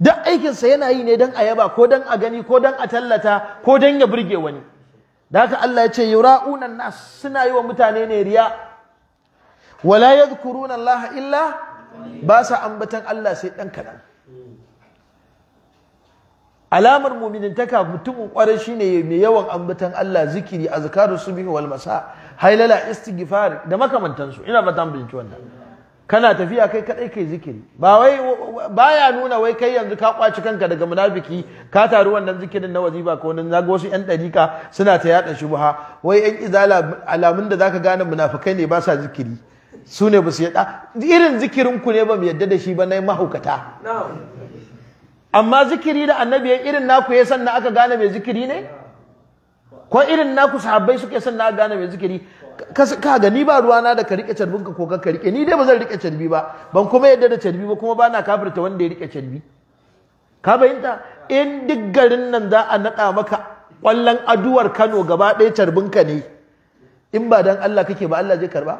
duk aikinsa yana yi ne don a yaba ko don a gani ko don a tallata ko don ya burge wani da haka Allah ya ce ra'unan nas suna yi wa mutane ne riya wala yadhkuruna Allah illa ba sa ambatan Allah sai dan kadan alamar mu'minantaka mutumin kwarai shine mai yawan ambatan Allah zikiri azkaru subhi wal masa hailala istighfar da makamantansu ina fata mun wannan kana tafiya kai kadai kai zikiri ba wai baya nuna wai kai yanzu ka kwaci kanka daga munafiki ka taru wannan zikirin na waziba ko nan zaga wasu yan dariƙa suna ta yada shubha wai yan izala alamun da zaka gane munafikai ne ba sa zikiri su ne ba su yada irin zikirin ku ne ba mu yadda da shi ba na mahaukata amma zikiri da annabi ya irin naku ya sanna aka gane mai zikiri ne ko irin naku sahabbai suke san aka gane mai zikiri ka ga ni ba ruwana da ka rike carbinka ko ka rike ni dai ba zan rike carbi ba ban kuma yadda da carbi ba kuma bana kafirta wanda ya rike carbi ka bayyanta in duk garin nan za a naɗa maka kwallon aduwar Kano gaba ɗaya carbinka ne in ba dan Allah kake ba Allah zai karba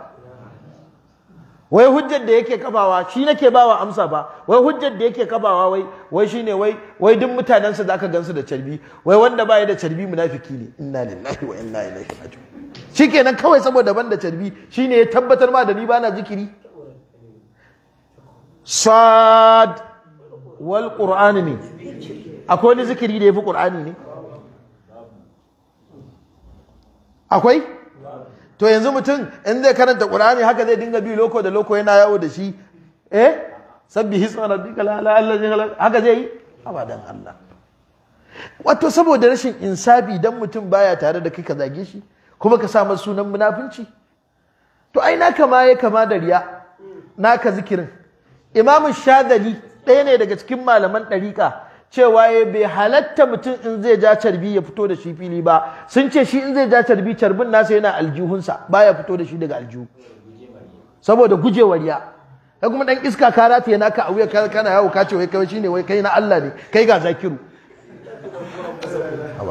wai hujjar da yake kabawa shi nake bawa amsa ba wai hujjar da yake kabawa wai wai shine wai wai duk mutanen su zaka gansu da carbi wai wanda baya da carbi munafiki ne inna lillahi wa inna ilaihi raji'un shikenan kawai saboda ban da carbi shine ya tabbatar ma da ni bana zikiri sad wal qur'ani ne akwai wani zikiri da ya fi qur'ani ne akwai to yanzu mutum in zai karanta ƙur'ani haka zai dinga bi loko da loko yana yawo da shi eh sabbi hisma rabbika la ilaha illa haka zai yi abadan Allah wato saboda rashin insabi dan mutum baya tare da kai ka zage shi kuma ka sa sunan munafunci to ai na kama ya kama da riya naka zikirin imamu shadali ɗaya ne daga cikin malaman ɗariƙa cewa ya bai halatta mutum in zai ja carbi ya fito da shi fili ba sun ce shi in zai ja carbi carbin nasa yana aljihunsa ba ya fito da shi daga aljihu saboda gujewar ya ya kuma dan iska ka rata yana ka auya ka kana yawo ka wai kai shine wai kai na Allah ne kai ga zakiru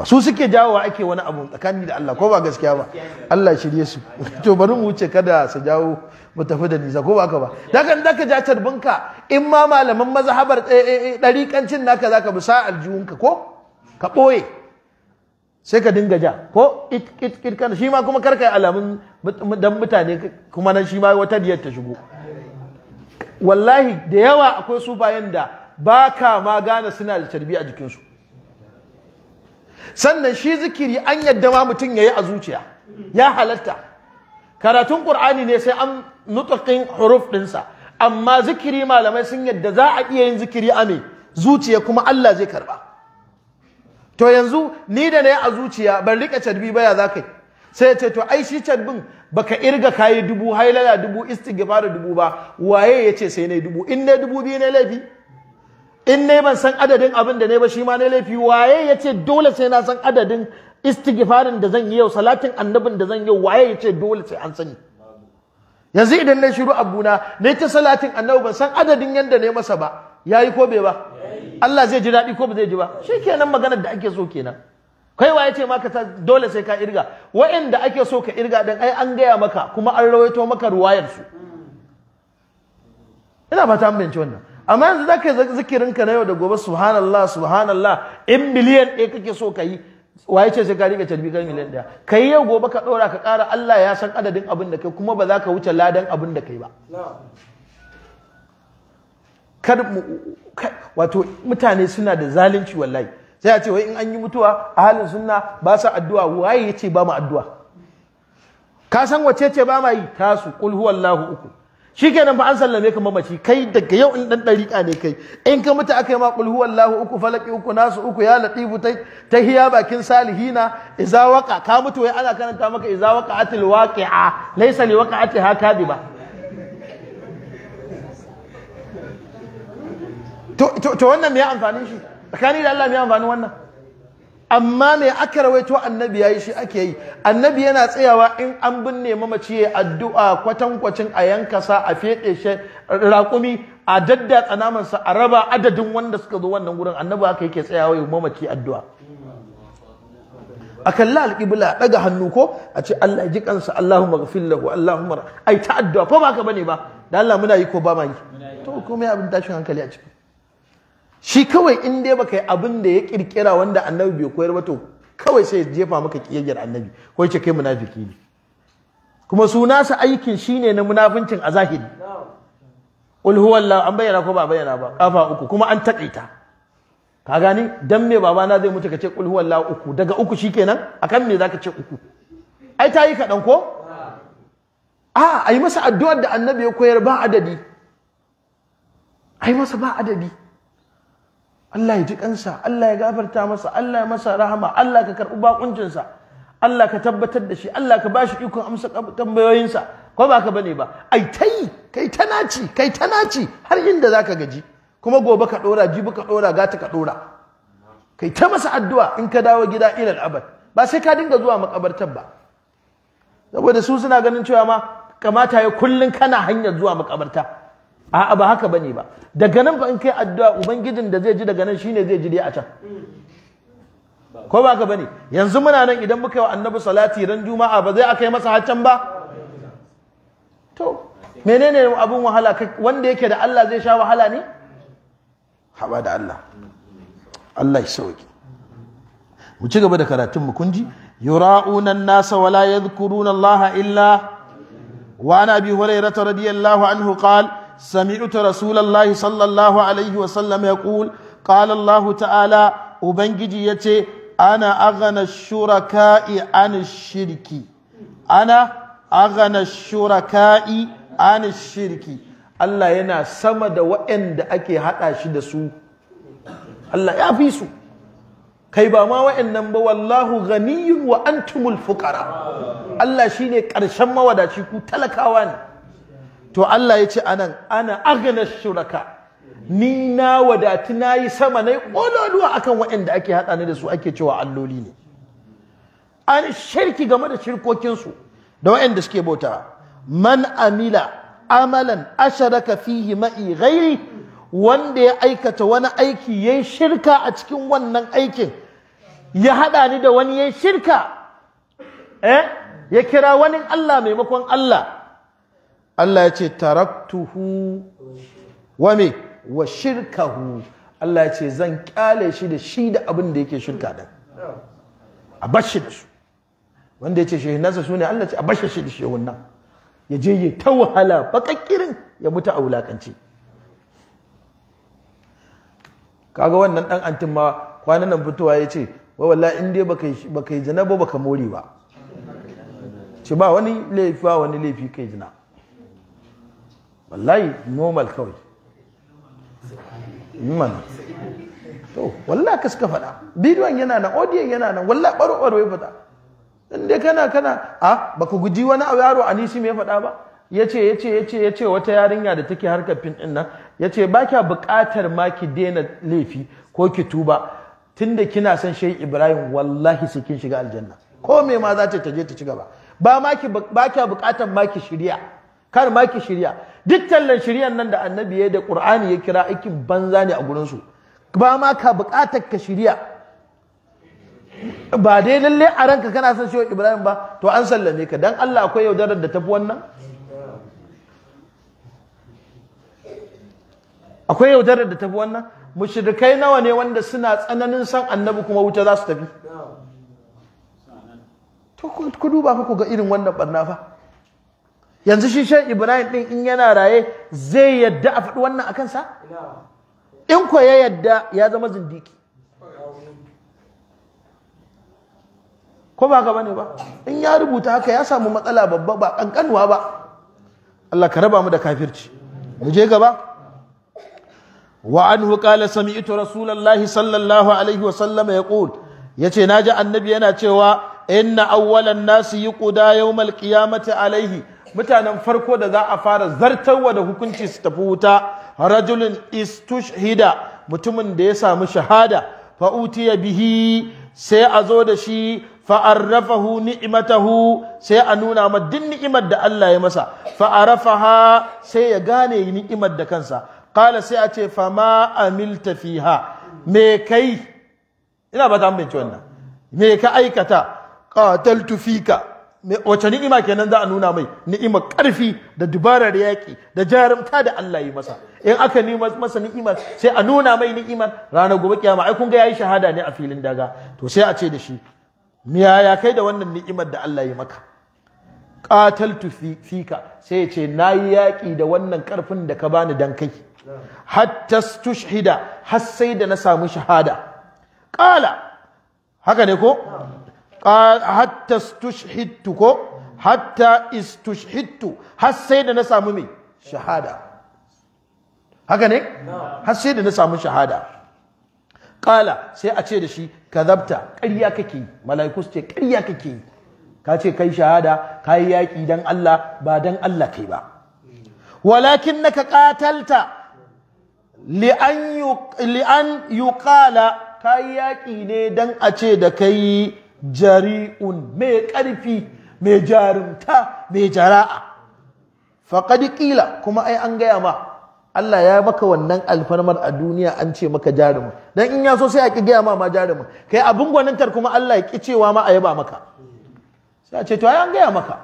su suke jawowa ake wani abu tsakani da Allah ko ba gaskiya ba Allah shirye su to bari mu wuce kada su jawo mu tafi da nisa ko ba ka ba dakan da ka ja carbinka in ma malaman mazhabar eh, eh, eh, ɗariƙancin naka zaka bi sa aljihunka ko ka ɓoye sai ka dinga ja ko it it it kana shi ma kuma karkai alamun dan mutane kuma nan shi ma wata diyar ta shigo wallahi da yawa akwai su bayan da ba ka ma gane suna da carbi a jikinsu sannan shi zikiri an yadda ma mutum ya yi a zuciya ya halatta karatun ƙur'ani ne sai an nutakin huruf ɗinsa amma zikiri malamai sun yadda za a iya yin zikiri a mai zuciya kuma Allah zai karba to yanzu ni da na yi a zuciya ban rika cadbi baya za ka yi sai ya ce to ai shi cadbin baka irga kayi dubu hailala dubu istighfar dubu ba waye ya ce sai ne dubu in ne dubu biyu ne laifi in ne ban san adadin abin da ne ba shi ma ne laifi waye ya ce dole sai na san adadin istighfarin da zan yi yau salatin annabin da zan yi waye ya ce dole sai an sani yanzu idan na shiru abuna na ta salatin annabi ban san adadin yanda ne masa ba yayi ko bai ba Allah zai ji daɗi ko ba zai ji ba shikenan maganar da ake so kenan kai wa yace maka ta dole sai ka irga wa'anda ake so ka irga dan ai an gaya maka kuma an rawaito maka ruwayar su ina fata mun wannan amma yanzu za ka yi zikirinka na yau da gobe subhanallah subhanallah in miliyan ɗaya kake so ka yi waye ce sai ka riga carbi kai miliyan daya kai yau gobe ka dora ka kara Allah ya san adadin abin da kai kuma ba za ka wuce ladan abin da kai ba kar wato mutane suna da zalunci wallahi sai a ce wai in an yi mutuwa a halin sunna ba sa addu'a waye yace ba mu addu'a ka san wace ce ba ma yi tasu kul huwallahu uku shikenan ba an sallame ka mamaci kai daga yau in dan dariƙa ne kai in ka mutu aka yi ma qul huwallahu uku falaki uku nasu uku ya latifu tai tahiya bakin salihina idza waqa ka mutu wai ana karanta maka idza waqa'atil waqi'a laysa li waqa'atiha kadiba to to to wannan me ya amfani shi tsakani da Allah me ya amfani wannan amma me aka rawaito annabi yayi shi ake yi annabi yana tsayawa in an binne mamaci ya addu'a kwatankwacin a yanka sa a fede shi raƙumi a daddatsa namansa a raba adadin wanda suka zo wannan wurin annabi aka yake tsayawa ya mamaci addu'a a kalla alƙibla ɗaga hannu ko a ce Allah ji kansa Allahumma ghafir lahu Allahumma ai ta addu'a fa ba ka bane ba da Allah muna yi ko ba ma yi to komai abin tashin hankali a cikin. shi kawai in dai baka yi abin da ya kirkira wanda annabi bai koyar ba to kawai sai jefa maka kiyayyar annabi ko yake kai munafiki ne kuma su nasa aikin shine na munafincin a zahiri qul huwallahu an bayyana ko ba bayyana ba kafa uku kuma an takaita ka gani dan me babana zai mutu kace qul huwallahu uku daga uku shikenan akan me zaka ce uku ai tayi kaɗan ko a ai masa addu'ar da annabi ya koyar ba adadi ai masa ba adadi Allah ya ji kansa Allah ya gafarta masa Allah ya masa rahama Allah ka karɓi bakuncinsa Allah ka tabbatar da shi Allah ka ba shi ikon amsa tambayoyinsa ko ba ka bane ba ai tai kai ta naci kai ta naci har inda zaka gaji kuma gobe ka ɗora, jibi ka ɗora, gata ka ɗora, kai ta masa addu'a in ka dawo gida ilal abad ba sai ka dinga zuwa makabartar ba saboda su suna ganin cewa ma kamata ya kullun kana hanyar zuwa makabarta a'a ba haka bane ba daga nan fa in kai addu'a ubangijin da zai ji daga nan shine zai ji dai a can ko ba haka bane yanzu muna nan idan muka yi wa annabi salati ran juma'a ba zai akai masa haccan ba to menene abun wahala wanda yake da Allah zai sha wahala ne haba da Allah Allah ya sauki mu ci gaba da karatun mu kunji yura'una an-nasa wala yadhkuruna Allah illa wa ana bi hurairah radiyallahu anhu qala سمعت رسول الله صلى الله عليه وسلم يقول قال الله تعالى أبنجي يتي أنا أغنى الشركاء عن الشرك أنا أغنى الشركاء عن الشرك الله ينا سمد وإن أكي حتى شدسو الله يافيسو kai ba ma wa'annan ba wallahu ghaniyun wa antumul fuqara Allah shine ƙarshen mawadaci ku talakawa ne to Allah ya ce anan ana agana shuraka ni na wadati na yi sama na yi ƙololuwa akan waɗanda ake haɗa ni da su ake cewa alloli ne an shirki game da shirkokinsu da waɗanda suke bauta man amila amalan asharaka fihi ma'i ghairi wanda ya aikata wani aiki yayin shirka a cikin wannan aikin ya haɗa ni da wani yayin shirka eh ya kira wani Allah maimakon Allah Allah ya ce taraktuhu wa me wa shirkahu Allah ya ce zan kyale shi da shi da abin da yake shirka din a bashi da su wanda ya ce shi nasa su ne Allah ya ce a bashi shi da shehun nan ya je ya ta wahala bakakkirin ya mutu a wulakanci kaga wannan dan antin ma kwanan nan fitowa ya ce wa wallahi in dai baka yi zina ba baka more ba ce ba wani laifi ba wani laifi kai zina wallahi normal kawai mana to wallahi ka suka faɗa bidiyon yana nan audiyon yana nan wallahi ɓaro ɓaro ya faɗa dai kana kana a ah, baka guji wani yaro a nishi mai faɗa ba ya ce ya ce ya ce ya ce wata yarinya da take harkar fin ɗin nan ya ce ba kya buƙatar ma ki daina laifi ko ki tuba tunda kina son shehu ibrahim wallahi sai kin shiga aljanna ko me ma za ta je ta ci gaba ba ma ki ba kya buƙatar ma ki shirya kar ma ki shirya duk tallan shiryan nan da annabi ya da qur'ani ya kira aikin banza ne a gurinsu. su ba ma ka buƙatar ka shirya ba dai lalle a ranka kana son shi Ibrahim ba to an sallame ka dan Allah akwai yaudarar da tafi wannan akwai yaudarar da tafi wannan mushrikai nawa ne wanda suna tsananin san annabi kuma wuta za su tafi to ku duba fa ku ga irin wannan barna fa yanzu shi shan ibrahim din in yana raye zai yadda a faɗi wannan a kansa in ko ya yadda ya zama zindiki ko ba gaba ne ba in ya rubuta haka ya samu matsala babba ba kankanuwa ba Allah ka raba mu da kafirci mu je gaba wa anhu qala sami'tu rasulallahi sallallahu alaihi wa sallam yaqul yace naji annabi yana cewa inna awwalan nasi yuqda yawmal qiyamati alaihi mutanen farko da za a fara zartarwa da hukunci su tafi wuta rajulun istushhida mutumin da ya samu shahada fa utiya bihi sai a zo da shi fa'arrafahu ni'imatahu sai a nuna ma duk ni'imar da Allah ya masa fa'arafaha sai ya gane ni'imar da kansa qala sai a ce fa ma amilta fiha me kai ina ba ta ambace wannan me ka aikata qataltu fika wace ni'ima kenan za a nuna mai ni'ima karfi da dubarar yaƙi da jarumta da Allah yi masa in aka ni masa ni'ima sai a nuna mai ni'ima ranar gobe kiyama ai kun ga yayi shahada ne a filin daga to sai a ce da shi miya ya kai da wannan ni'imar da Allah yi maka qataltu fika sai ya ce nayi yaƙi da wannan karfin da ka bani dan kai hatta tushhida har sai da na samu shahada qala haka ne ko hatta stushhidtu ko hatta istushhidtu har sai da na samu mai shahada haka ne har sai da na samu shahada kala sai a ce da shi kazabta ƙarya kake yi mala'iku ce ƙarya kake yi ka ce kai shahada ka yi yaƙi dan Allah ba dan Allah kai ba walakin naka katalta li an yuqala ka yi yaƙi ne dan a ce da kai jari'un mai ƙarfi mai jarumta mai jara'a faƙad ƙila kuma ai an gaya ma Allah ya maka wannan alfarmar a duniya an ce maka jarumin Don in ya so sai a ƙi gaya ma ma jarumin kai abin gwanintar kuma Allah ya ƙi cewa ma a yaba maka sai a ce to ai an gaya maka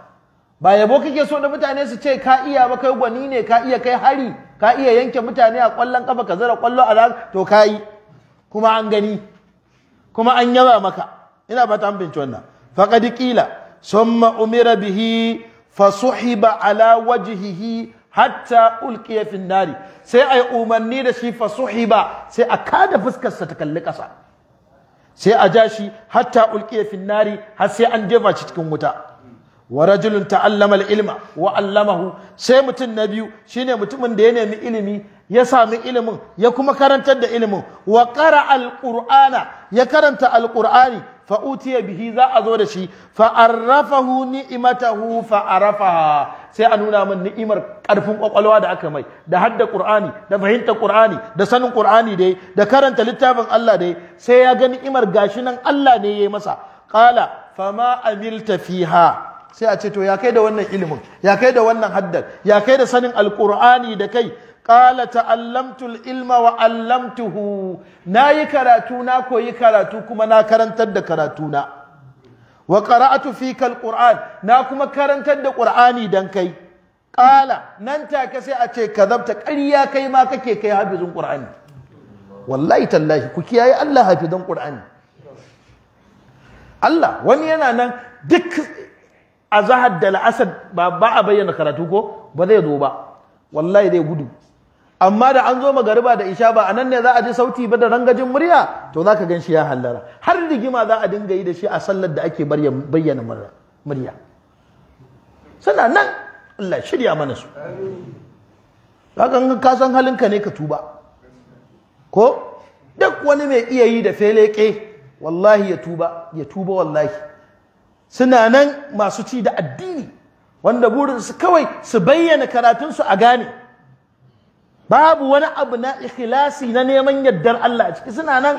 ba yabo kake so da mutane su ce ka iya ba kai gwani ne ka iya kai hari ka iya yanke mutane a kwallon kafa ka zara kwallo a to ka yi kuma an gani kuma an yaba maka ina ba ta binci wannan faqad qila summa umira bihi fasuhiba ala wajihihi hatta ulqiya fi nari sai ai umarni da shi fasuhiba sai a kada fuskarsa ta kalli ƙasa sai a ja shi hatta ulqiya fi nari har sai an jefa shi cikin wuta wa rajulun ta'allama al-ilma wa 'allamahu sai mutum na biyu shine mutumin da ya nemi ilimi ya sami ilimin ya kuma karantar da ilimin wa qara al-qur'ana ya karanta al-qur'ani fa'utiya bihi za a zo da shi fa arrafahu ni'matahu sai a nuna min ni'imar ƙarfin kwakwalwa da aka mai da hadda qur'ani da fahimtar qur'ani da sanin qur'ani dai da karanta littafin Allah dai sai ya ga ni'imar gashi nan Allah ne ya yi masa qala fama amilta fiha sai a ce to ya kai da wannan ilimin ya kai da wannan haddar ya kai da sanin alqur'ani da kai qala ta'allamtu al-ilma wa 'allamtuhu nayi karatu na koyi karatu kuma na karantar da karatu na wa qara'atu fika quran na kuma karantar da qur'ani dan kai Ƙala nan take sai a ce kazabta karya kai ma kake kai hafizin qur'ani wallahi tallahi ku kiyaye Allah hafizin qur'ani Allah wani yana nan duk azahar da la'asar ba a bayyana karatu ko ba zai zo ba wallahi zai gudu amma da an zo magariba da isha ba anan ne za a ji sauti ba da rangajin murya to za ka gan shi ya hallara har rigima za a dinga yi da shi a sallar da ake bayyana murya suna nan Allah shirya mana su ga ka san halinka ne ka tuba ko duk wani mai iya yi da feleke wallahi ya tuba ya tuba wallahi suna nan masu ci da addini wanda burinsu kawai su bayyana karatun su a gane babu wani abu na ikhlasi na neman yaddar Allah a ciki suna nan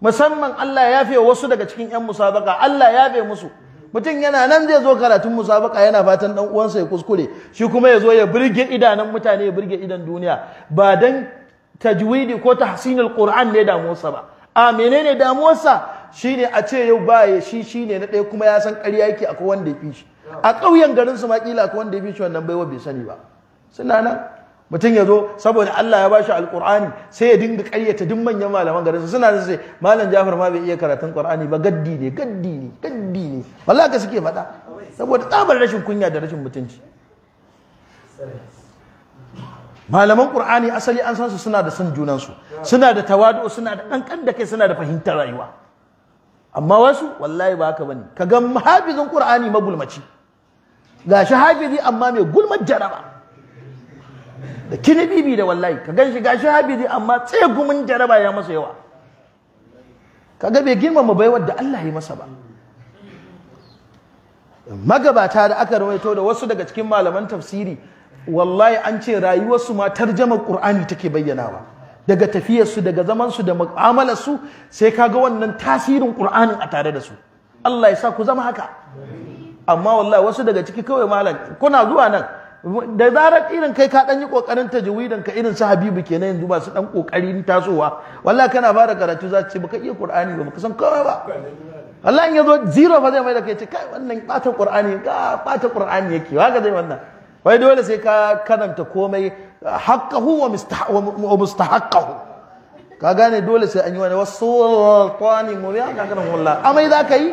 musamman Allah ya fiye wasu daga cikin 'yan musabaka Allah ya fiye musu mutum yana nan zai zo karatun musabaka yana fatan dan uwansa ya kuskure shi kuma ya zo ya burge idanun mutane ya burge idan duniya ba dan tajwidi ko tahsinul qur'an ne musa ba a menene damuwarsa shine a ce yau ba ya shi shine na ɗaya kuma ya san ƙarya yake akwai wanda ya fi shi a ƙauyen garin su ma kila akwai wanda ya fi shi wannan baiwa bai sani ba suna nan mutum ya zo saboda Allah ya bashi Alƙur'ani sai ya dinga ƙaryata duk manyan malaman garin su suna sai malam Jafar ma bai iya karatun qur'ani ba gaddi ne gaddi ne gaddi ne wallahi ka suke faɗa saboda tsabar rashin kunya da rashin mutunci malaman ƙur'ani asali an san su suna da son su suna da tawadu suna da kankan da kai suna da fahimtar rayuwa amma wasu wallahi ba haka bane kaga hafizin qur'ani magulmaci gashi hafizi amma mai gulmar jaraba da kini bibi da wallahi ka gan shi gashi habibi amma tsegumin jaraba ya masa yawa kaga bai girmama baiwar da Allah ya masa ba magabata da aka rawaito da wasu daga cikin malaman tafsiri wallahi an ce rayuwarsu ma tarjama Qur'ani take bayyanawa daga tafiyarsu daga zaman zamansu da su sai kaga wannan tasirin qur'ani a tare da su Allah ya sa ku zama haka amma wallahi wasu daga ciki kawai malam kuna zuwa nan da zarar irin kai ka dan yi kokarin tajwidan ka irin su Habibu kenan yanzu ba su dan kokarin tasowa wallahi kana fara karatu za ce baka iya Qur'ani ba baka san kawai ba wallahi in zo zero fa zai mai da kai ce kai wannan bata Qur'ani ga bata Qur'ani yake haka zai wannan wai dole sai ka karanta komai haqqahu wa mustahaqqahu ka gane dole sai an yi wani wasu sultani biya? ka karanta wallahi amai za ka yi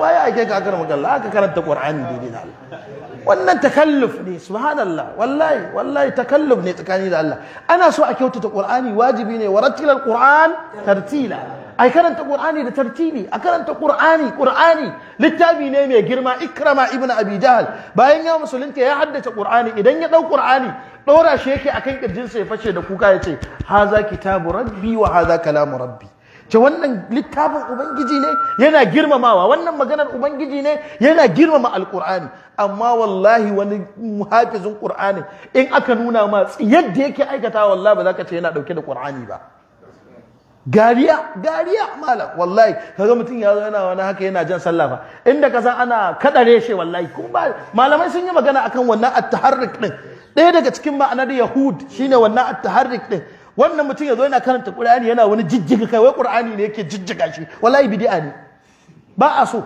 waye ake ka karanta wallahi ka karanta Qur'ani daidai da Allah wannan takalluf ne subhanallah wallahi wallahi takalluf ne tsakani da Allah ana so a kyautata Qur'ani wajibi ne warattilal Qur'an tartila ai karanta Qur'ani da tartili a karanta Qur'ani Qur'ani littafi ne mai girma Ikrama ibn Abi Jahl bayan ya musulunta ya haddace Qur'ani idan ya dau Qur'ani dora shi yake akan kirjin sa ya fashe da kuka yace haza kitabu rabbi wa haza kalamu rabbi ce wannan littafin ubangiji ne yana girmamawa wannan maganar ubangiji ne yana girmama alkur'ani amma wallahi wani muhafizin qur'ani in aka nuna ma yadda yake aikata wallahi ba za ka ce yana dauke da qur'ani ba gariya gariya malam wallahi kaga mutum ya zo yana wani haka yana jan sallah ba inda ka san ana kadare shi wallahi kuma malamai sun yi magana akan wannan at-taharrik din ɗaya daga cikin ma'anar yahud shine wannan at-taharrik din wannan mutum ya zo yana karanta qur'ani yana wani jijjiga kai wai qur'ani ne yake jijjiga shi wallahi bid'a ne ba a so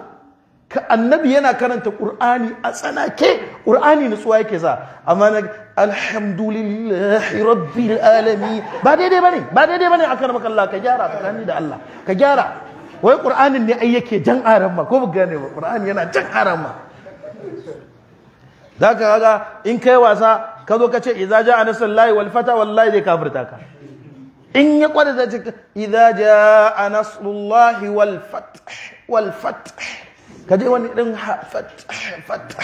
ka annabi yana karanta qur'ani a tsanake qur'ani nutsuwa yake sa, amma na alhamdulillahi rabbil alamin ba daidai bane ba daidai bane akan maka Allah ka gyara tsakani da Allah ka gyara wai qur'anin ne ai yake jan aran ko ba gane ba qur'ani yana jan aran za ka kaga in kai wasa ka zo ka ce idza ja'a nasrullahi wal fata wallahi zai kafirta ka in ya kwada cikin idza jaa nasrullahi wal fat, wal Ka je wani din fat, fat.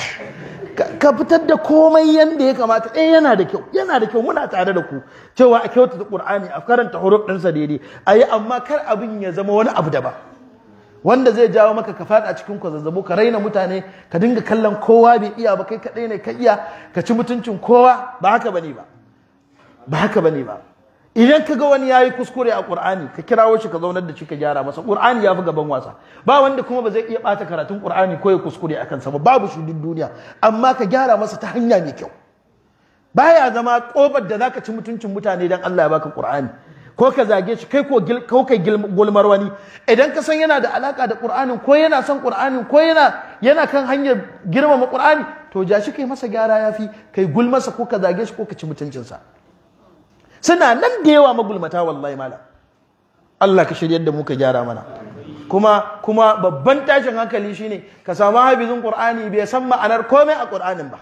ka fitar da komai yanda ya kamata eh yana da kyau yana da kyau muna tare da ku cewa a kyauta kyautata ƙur'ani a karanta huruf ɗinsa sa daidai ayi amma kar abin ya zama wani abu daban wanda zai jawo maka ka fada cikin kwazazzabu ka raina mutane ka dinga kallon kowa bai iya ba kai kadai ne ka iya ka ci mutuncin kowa ba haka bane ba ba haka bane ba idan ka ga wani yayi kuskure a Qur'ani ka kirawo shi ka zaunar da shi ka gyara masa Qur'ani ya fi gaban wasa ba wanda kuma ba zai iya bata karatun Qur'ani ko ya kuskure akan sa ba babu shi duk duniya amma ka gyara masa ta hanya mai kyau baya zama kofar da zaka ci mutuncin mutane dan Allah ya baka Qur'ani ko ka zage shi kai ko ko kai gulmar wani idan ka san yana da alaka da Qur'anin ko yana son Qur'anin ko yana yana kan hanyar girmama Qur'ani to ja shi kai masa gyara yafi kai sa ko ka zage shi ko ka ci mutuncin sa suna nan da yawa magulmata wallahi malam Allah ka shirya da mu ka gyara mana kuma kuma babban tashin hankali shine ka samu hafizin qur'ani bai san ma'anar komai a qur'anin ba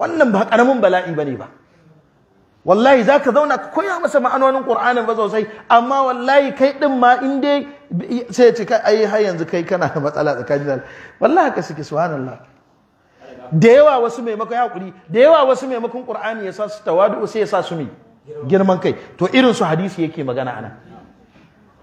wannan ba karamin bala'i bane ba wallahi zaka zauna ka koya masa ma'anonin qur'anin ba sosai amma wallahi kai din ma in dai sai ce kai ai har yanzu kai kana da matsala tsakanin wallahi ka suke subhanallah da yawa wasu maimakon hakuri da yawa wasu maimakon qur'ani ya sa su tawadu sai ya sa su mai girman kai to irin su hadisi yake magana ana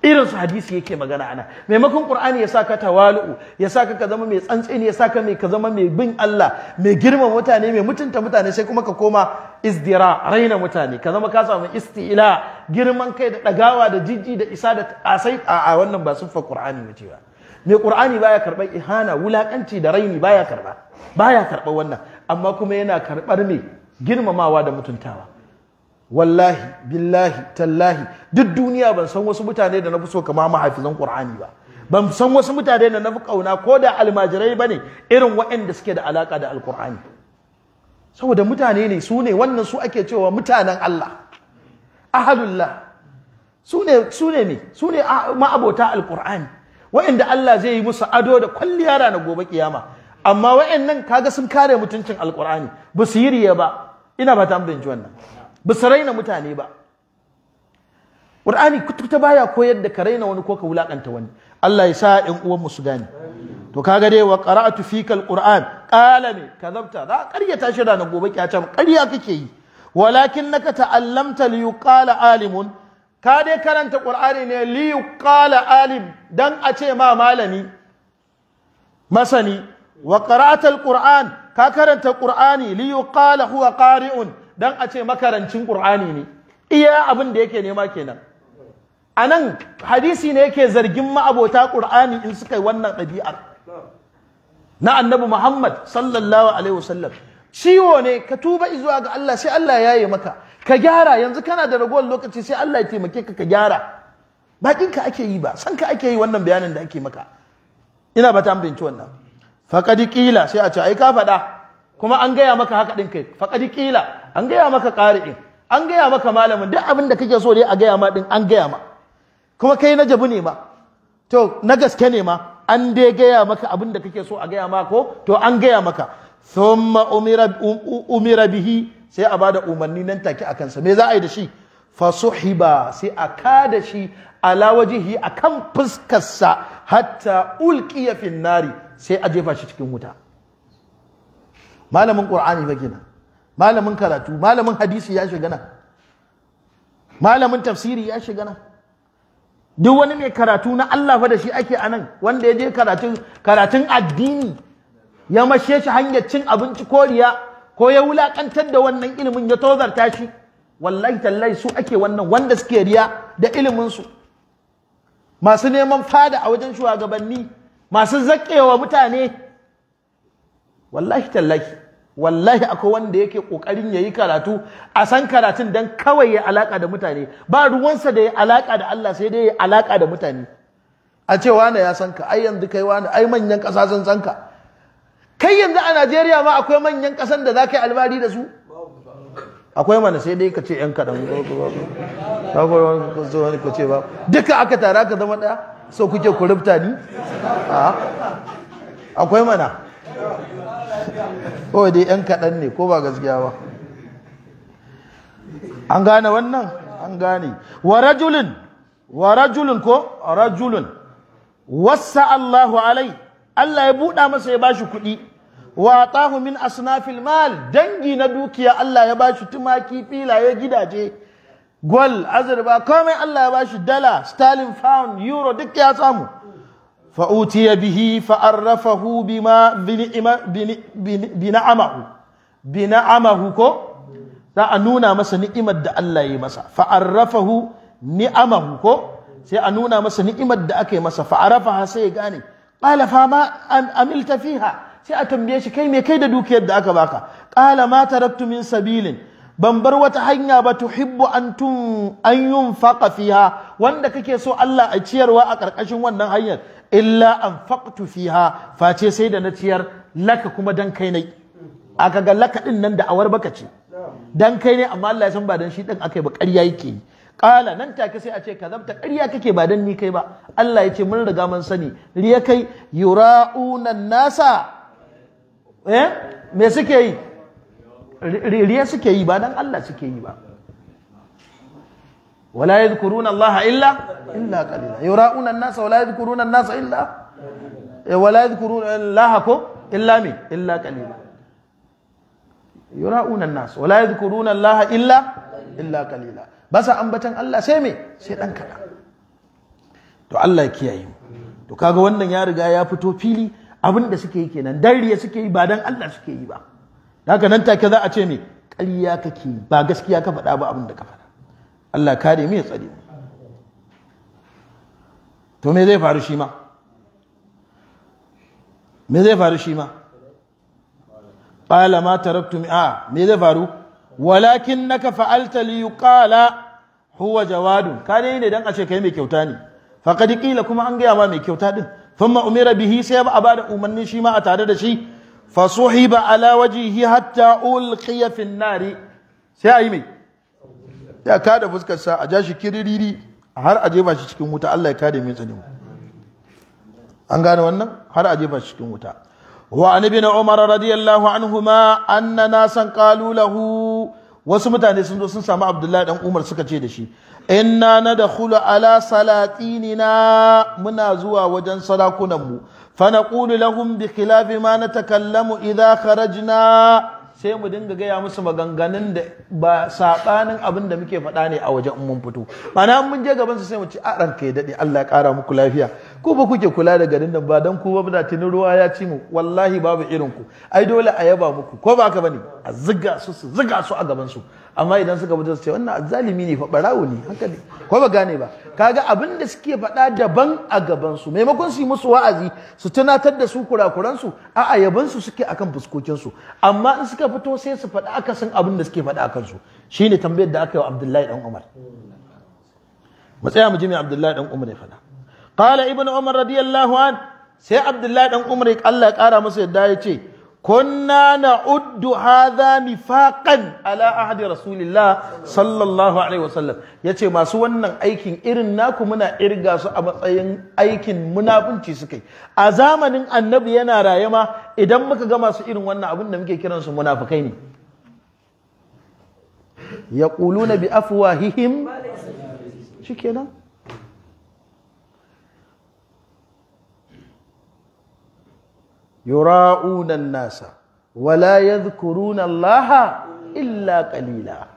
irin su hadisi yake magana ana maimakon qur'ani ya saka tawalu ya saka ka zama mai tsantseni ya saka mai ka zama mai bin Allah mai girma mutane mai mutunta mutane sai kuma ka koma izdira raina mutane ka zama ka samu isti'la girman kai da dagawa da jijji da isa da asai a wannan ba sufa qur'ani mace ba mai qur'ani baya karɓar ihana wulakanci da raini baya karba baya karɓar wannan amma kuma yana karɓar mai girmamawa da mutuntawa wallahi billahi tallahi duk duniya ban san wasu mutane da na fi so kama mahafizan qur'ani ba ban san wasu mutane da na fi ƙauna ko da almajirai ba ne irin waɗanda suke da alaka da alqur'ani saboda mutane ne su ne wannan su ake cewa mutanen Allah ahalullah su ne su ne su ne ma'abota alƙur'ani waɗanda Allah zai yi musu ado da kwalliya na gobe kiyama amma waɗannan kaga sun kare mutuncin alqur'ani ba su yi riya ba ina ba ta amdanci wannan ba su raina mutane ba Qur'ani kututa baya koyar da ka raina wani ko ka wulakanta wani Allah ya sa ƴan uwan su gane to kaga dai wa qara'atu fika alquran qala me kadabta ƙarya ƙaryata shi ranar gobe kyata ƙarya kake yi walakin naka ta'allamta li yuqala alimun ka dai karanta qur'ani ne li yuqala alim dan a ce ma malami masani wa qara'ata Qur'an ka karanta qur'ani li yuqala huwa qari'un dan a ce makarancin Qur'ani ne iya abin da yake nema kenan anan hadisi ne yake zargin ma'abota Qur'ani in suka yi wannan ɗabi'ar na annabi Muhammad sallallahu alaihi wasallam ciwo ne ka tuba zuwa ga Allah sai Allah ya yi maka ka gyara yanzu kana da ragowar lokaci sai Allah ya taimake ka ka gyara bakin ka ake yi ba san ka ake yi wannan bayanin da ake maka ina ba ta ambinci wannan faqad qila sai a ce ai ka faɗa kuma an gaya maka haka din kai faqad qila an gaya maka ƙari'in an gaya maka malamin duk abin da kake so dai a gaya ma din an gaya ma kuma kai na jabu ne ma to na gaske ne ma an dai gaya maka abin da kake so a gaya ma ko to an gaya maka thumma umira umira bihi sai a bada umarni nan take akan sa me za a yi da shi fasuhiba sai a ka da shi ala wajihi akan fuskarsa hatta ulqiya fin nari sai a jefa shi cikin wuta malamin qur'ani ba kenan malamin karatu malamin hadisi ya shiga nan malamin tafsiri ya shiga nan duk wani mai karatu na Allah fa da shi ake anan wanda ya je karatun karatun addini ya mashe shi hanyar cin abinci koriya ko ya wulakantar da wannan ilimin ya tozarta shi wallahi tallahi su ake wannan wanda suke riya da ilimin su masu neman fada a wajen shugabanni masu zakewa mutane wallahi tallahi wallahi akwai wanda yake kokarin yayi karatu a san karatun dan kawai ya alaka da mutane ba ruwansa da ya alaka da Allah sai dai ya alaka da mutane a ce wani ya san ka ai yanzu kai wani ai manyan ƙasa sun san ka kai yanzu a Najeriya ma akwai manyan ƙasan da za yi albari da su akwai mana sai dai ka ce yan kaɗan wani ko wani ko ce ba duka aka tara ka zama ɗaya so kuke ku rubta ni akwai mana kawai dai yan kaɗan ne ko ba gaskiya ba an gane wannan an gane wa rajulun wa rajulun ko rajulun wasa Allahu alai Allah ya buɗa masa ya bashi kuɗi wa atahu min asnafil mal dangi na dukiya Allah ya ba shi tumaki filaye gidaje gwal azurba komai Allah ya bashi dala sterling pound euro duk ya samu فأوتي به فعرفه بما بنعمه بنعمه كو za masa ni'imar Allah ya masa fa'arrafahu ni'amahu ko sai a nuna masa ni'imar da aka masa fa'arafaha sai ya gane qala fa ma amilta fiha sai a tambaye shi kai me kai da dukiyar da aka baka qala ma taraktu min sabilin ban bar wata hanya ba tuhibbu an tun an yunfaqa fiha wanda kake so Allah a ciyarwa a ƙarƙashin wannan hanyar illa an faqtu fiha face sai da na ciyar laka kuma dan kai nai aka ga laka ɗin nan da awar baka ce dan kai ne amma Allah ya san ba dan shi din akai ba ƙarya yake Ƙala nan take sai a ce zamta ƙarya kake ba dan ni kai ba Allah ya ce mun riga mun sani riya kai yura'una nasa eh me suke yi riya suke yi ba dan Allah suke yi ba wala yadhkuruna Allah illa illa qalila yura'una an-nas wala yadhkuruna an-nas illa wala yadhkuruna Allah ko illa mi illa qalila yura'una an-nas wala yadhkuruna Allah illa illa qalila basa ambatan Allah sai me sai dan to Allah ya to kaga wannan ya riga ya fito fili abin da suke yi kenan dariya suke yi ba dan Allah suke yi ba haka nan take za a ce me ƙarya kake ba gaskiya ka faɗa ba abin da ka faɗa Allah kare mu ya tsare to me zai faru shi ma me zai faru shi ma qala ma taraktu mi'a me zai faru walakinnaka fa'alta li yuqala huwa jawadun ka dai ne dan a ce kai mai kyauta ne faqad qila kuma an gaya ma mai kyauta din thumma umira bihi sai ba a bada umarni shi ma a tare da shi fasuhiba ala wajhihi hatta ulqiya fi nari sai ayi mai ya kada fuskar sa a jashi kiriri kiririri har a jefa shi cikin wuta Allah ya kada mai tsanin an gane wannan har a jefa shi cikin wuta wa an umar radiyallahu anhuma anna nasan qalu lahu wasu mutane sun zo sun samu abdullahi dan umar suka ce da shi inna nadkhulu ala salatinina muna zuwa wajen sarakunan mu fa naqulu lahum bi khilafi ma natakallamu idha kharajna sai mu dinga gaya musu maganganun da ba saɓanin abin da muke faɗa ne a wajen mun fito ma'ana mun je gaban su sai mu ci a ka ya daɗe Allah ya ƙara muku lafiya ko ba kuke kula da garin nan ba dan ku ba da tinin ruwa ya ci mu wallahi babu irin ku ai dole a yaba muku ko ba ka bane a ziga su su ziga su a gaban su amma idan suka fito su ce wannan azzalimi ne fa barawo ne haka ko ba gane ba kaga abin da suke faɗa daban a gaban su maimakon su yi musu wa'azi su tunatar da su kurakuran su a yaban su suke akan fuskokin su amma in suka fito sai su faɗa san abin da suke faɗa akan su shine tambayar da aka yi wa Abdullahi dan Umar mu tsaya mu ji me Abdullahi dan Umar ya faɗa qala ibnu Umar radiyallahu an sai Abdullahi dan Umar Allah ya kara masa yadda ya ce كنا نعد هذا نفاقا على عهد رسول الله صلى الله عليه وسلم ce masu wannan aikin irin naku muna irga su a matsayin aikin munafunci suke a zamanin annabi yana raye idan muka ga masu irin wannan abin da muke kiran su munafikai ne yaquluna bi afwahihim shikenan yura'una nasa wala yadhkuruna Laha illa Kalila.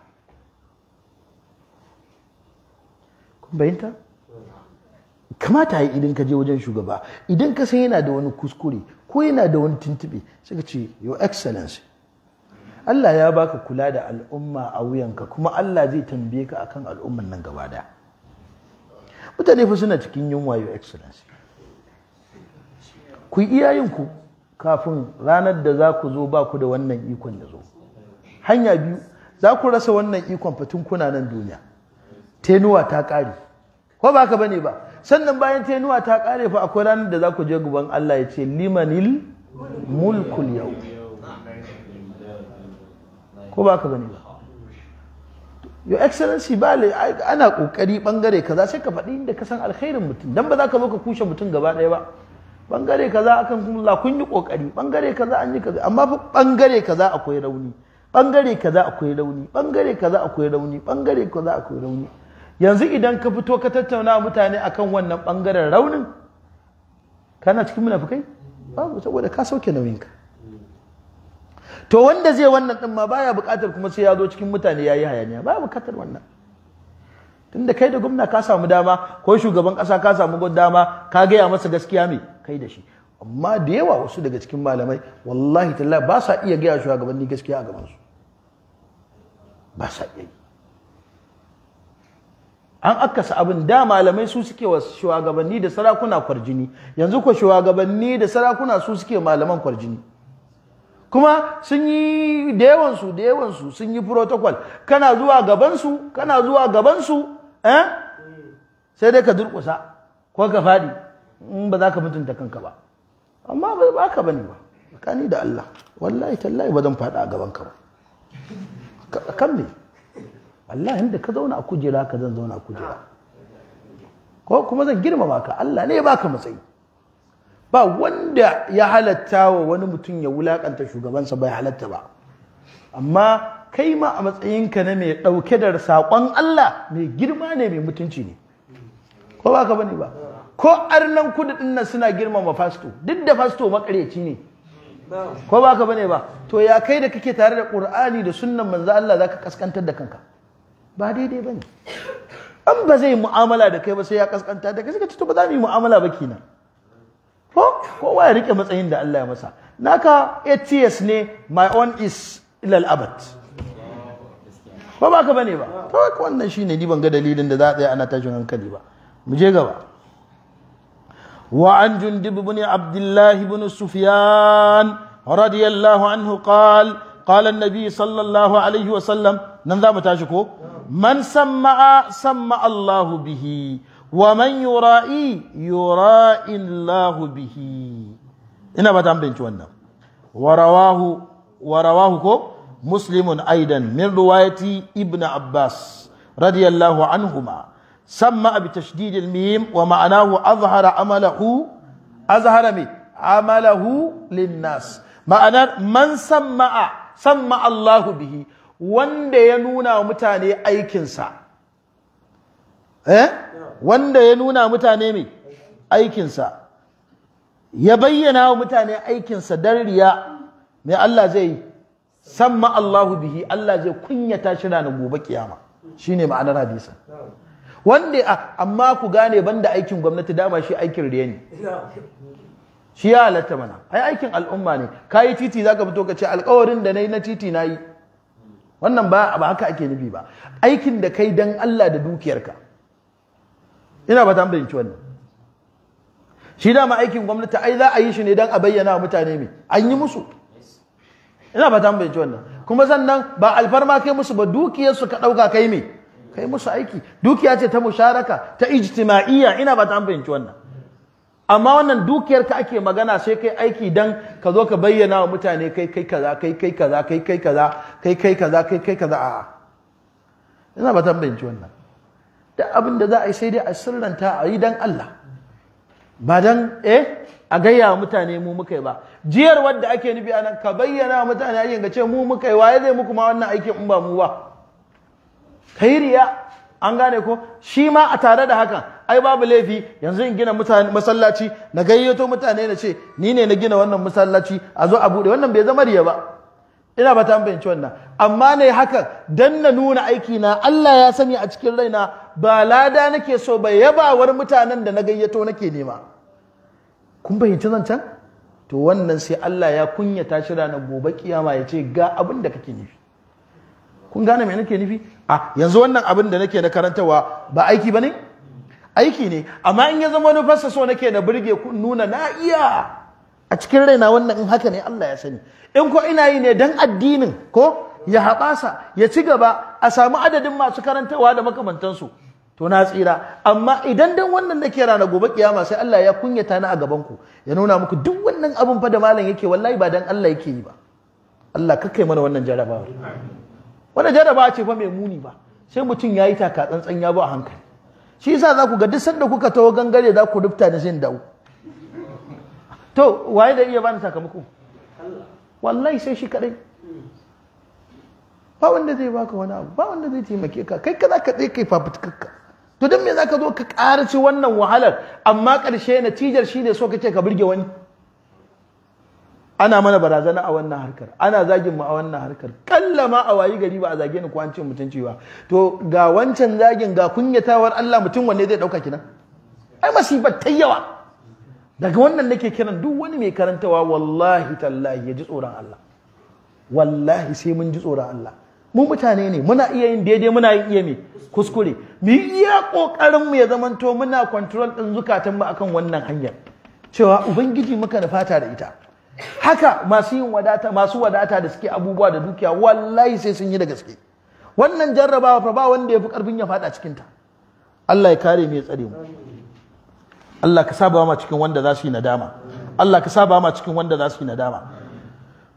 kun bayyanta kamata yi idan ka je wajen shugaba idan ka san yana da wani kuskure ko yana da wani tuntuɓe sai ka ce your excellency Allah ya baka kula da al'umma a wuyanka kuma Allah zai tambaye ka akan al'umman nan gaba da mutane fa suna cikin yunwa your excellency ku yi kafin ranar da za ku zo ba ku da wannan ikon ya zo hanya biyu za ku rasa wannan ikon fatin kuna nan duniya tenuwa ta ƙare ko ba ka bane ba sannan bayan tenuwa ta ƙare fa akwai ranar da za ku je gaban Allah ya ce limanil mulkul yau ko ba ka bane ba your excellency ba ana ƙoƙari bangare kaza sai ka faɗi inda kasan san alkhairin mutum don ba za ka zo ka kushe mutum gaba ɗaya ba bangare kaza akan la kun yi kokari bangare kaza an yi kaza amma fa bangare kaza akwai rauni bangare kaza akwai rauni bangare kaza akwai rauni bangare kaza akwai rauni yanzu idan ka fito ka tattauna mutane akan wannan bangaren raunin kana cikin munafikai babu saboda ka sauke nauyin ka. to wanda zai wannan din ma baya buƙatar kuma sai ya zo cikin mutane yayi hayaniya baya buƙatar wannan tunda kai da gwamna ka samu dama ko shugaban kasa ka samu dama ka gaya masa gaskiya me kai da shi amma da yawa wasu daga cikin malamai wallahi talla ba sa iya gaya shugabanni gaskiya a su ba sa iya yi an akasa abin da malamai su suke wa shugabanni da sarakuna kwarjini yanzu ko shugabanni da sarakuna su suke malaman kwarjini kuma sun yi da yawansu da yawansu sun yi protocol kana zuwa gaban su kana zuwa su eh sai dai ka durkusa ko ka faɗi in ba za ka mutunta kanka ba amma ba ba ka bane ba tsakani da Allah wallahi tallahi ba zan faɗa a gaban ka ba kan me wallahi inda ka zauna a kujera ka zan zauna a kujera ko kuma zan girmama ka Allah ne ya baka matsayi ba wanda ya halatta wa wani mutum ya wulakanta shugabansa bai halatta ba amma kai ma a matsayinka na mai ɗauke da saƙon Allah mai girma ne mai mutunci ne ko ba ka bane ba ko arnan kudu din nan suna girmama fasto duk da fasto makareci ne ko ba ka bane ba to ya kai da kake tare da qur'ani da sunnan manzo Allah zaka kaskantar da kanka ba daidai bane an ba zai mu'amala da kai ba sai ya kaskanta da kai sai to ba za mu yi mu'amala ba kina ko kowa ya rike matsayin da Allah ya masa naka ATS ne my own is ilal abad ko ba ka bane ba to wannan shine ni ban ga dalilin da za a tsaya ana tashin hankali ba mu je gaba وعن جندب بن عبد الله بن سفيان رضي الله عنه قال قال النبي صلى الله عليه وسلم ننظام تاشكو من سمع سمع الله به ومن يرائي يرائي الله به إنا بدأ بنت وانا ورواه ورواه كو مسلم أيضا من رواية ابن عباس رضي الله عنهما سمى بتشديد الميم ومعناه أظهر عمله أظهر مي عمله للناس معنى من سمى سمى الله به wanda ya nuna mutane aikinsa ya bayyana wa mutane aikinsa dan riya mai Allah zai samma Allahu bihi Allah zai kunyata shi na gobe kiyama shine ma'anar hadisin wanda a amma ku gane banda aikin gwamnati dama shi aikin riya ne shi ya halatta mana ai aikin al'umma ne kayi titi zaka fito ka ce alƙawarin da nayi na titi nayi wannan ba ba haka ake nufi ba aikin da kai dan Allah da dukiyarka ina ba ta fahimci wannan shi dama aikin gwamnati ai za a yi shi ne dan a bayyana wa mutane me an yi musu ina ba ta fahimci wannan kuma sannan ba alfarma kai musu ba dukiyarsu ka ɗauka kai me kai musu aiki dukiya ce ta musharaka ta ijtima'iyya ina ba ta fahimci wannan amma wannan dukiyar ka ake magana sai kai aiki dan ka zo ka bayyana wa mutane kai kai kaza kai kai kaza kai kai kaza kai kai kaza kai kai kaza a'a ina ba ta fahimci wannan duk abin da za a yi sai dai a sirranta a yi dan Allah ba dan eh a gayya mutane mu muka yi ba jiyar wadda ake nufi anan ka bayyana mutane ayin ce mu muka yi waye zai muku ma wannan aikin in ba mu ba ka an gane ko shi ma a tare da haka ai babu laifi yanzu in gina masallaci na gayyato mutane na ce ni ne na gina wannan masallaci a zo a buɗe wannan bai zama riya ba ina ba ta fahimci wannan amma ne haka dan na nuna aiki na Allah ya sani a cikin raina ba lada nake so ba yabawar mutanen da na gayyato nake nema kun zan can? to wannan sai Allah ya kunyata shi ranar gobe kiyama ya ce ga abin da kake nufi kun gane me nake nufi a yanzu wannan abin da nake na karantawa ba aiki ba bane aiki ne amma in ya zama nufarsa so nake na burge ku nuna na iya a cikin raina wannan in haka ne Allah ya sani in ko ina yi ne dan addinin ko ya haɓasa ya ci gaba a samu adadin masu karantawa da makamantansu to na tsira amma idan dan wannan nake rana gobe kiyama sai Allah ya kunyata ni a gaban ku ya nuna muku duk wannan abin fa da malam yake wallahi ba dan Allah yake yi ba Allah kai mana wannan jarabawa ba a ce fa mai muni ba sai mutum ya yi taka tsantsan ya ba a hankali shi yasa za ku ga duk sanda kuka taho gangare za ku rufta da zin dawo to waye da iya bani sakamako wallahi sai shi kadai ba wanda zai baka wani abu ba wanda zai taimake ka kai ka ka tsaye kai fafutukarka to don me za ka zo ka ƙarace wannan wahalar amma ƙarshe natijar shi ne so kake ka burge wani ana mana barazana a wannan harkar ana zagin mu a wannan harkar kalla ma a wayi gari ba a zage ni ko an ce mutunci ba to ga wancan zagin ga kunyatawar Allah mutum wanne zai dauka kina ai masibar ta yawa daga wannan nake kiran duk wani mai karantawa wallahi tallahi ya ji tsoron Allah wallahi sai mun ji tsoron Allah mu mutane ne muna iya yin daidai muna yin iya me kuskure mu yi iya kokarin mu ya zamanto muna control din zukatan mu akan wannan hanyar cewa ubangiji muka da fata da ita haka masu yin wadata masu wadata da suke abubuwa da dukiya wallahi sai sun yi da gaske wannan jarrabawa fa ba wanda ya fi karfin ya fada cikin ta Allah ya kare mu ya tsare mu Allah ka saba ma cikin wanda za su yi nadama Allah ka saba ma cikin wanda za su yi nadama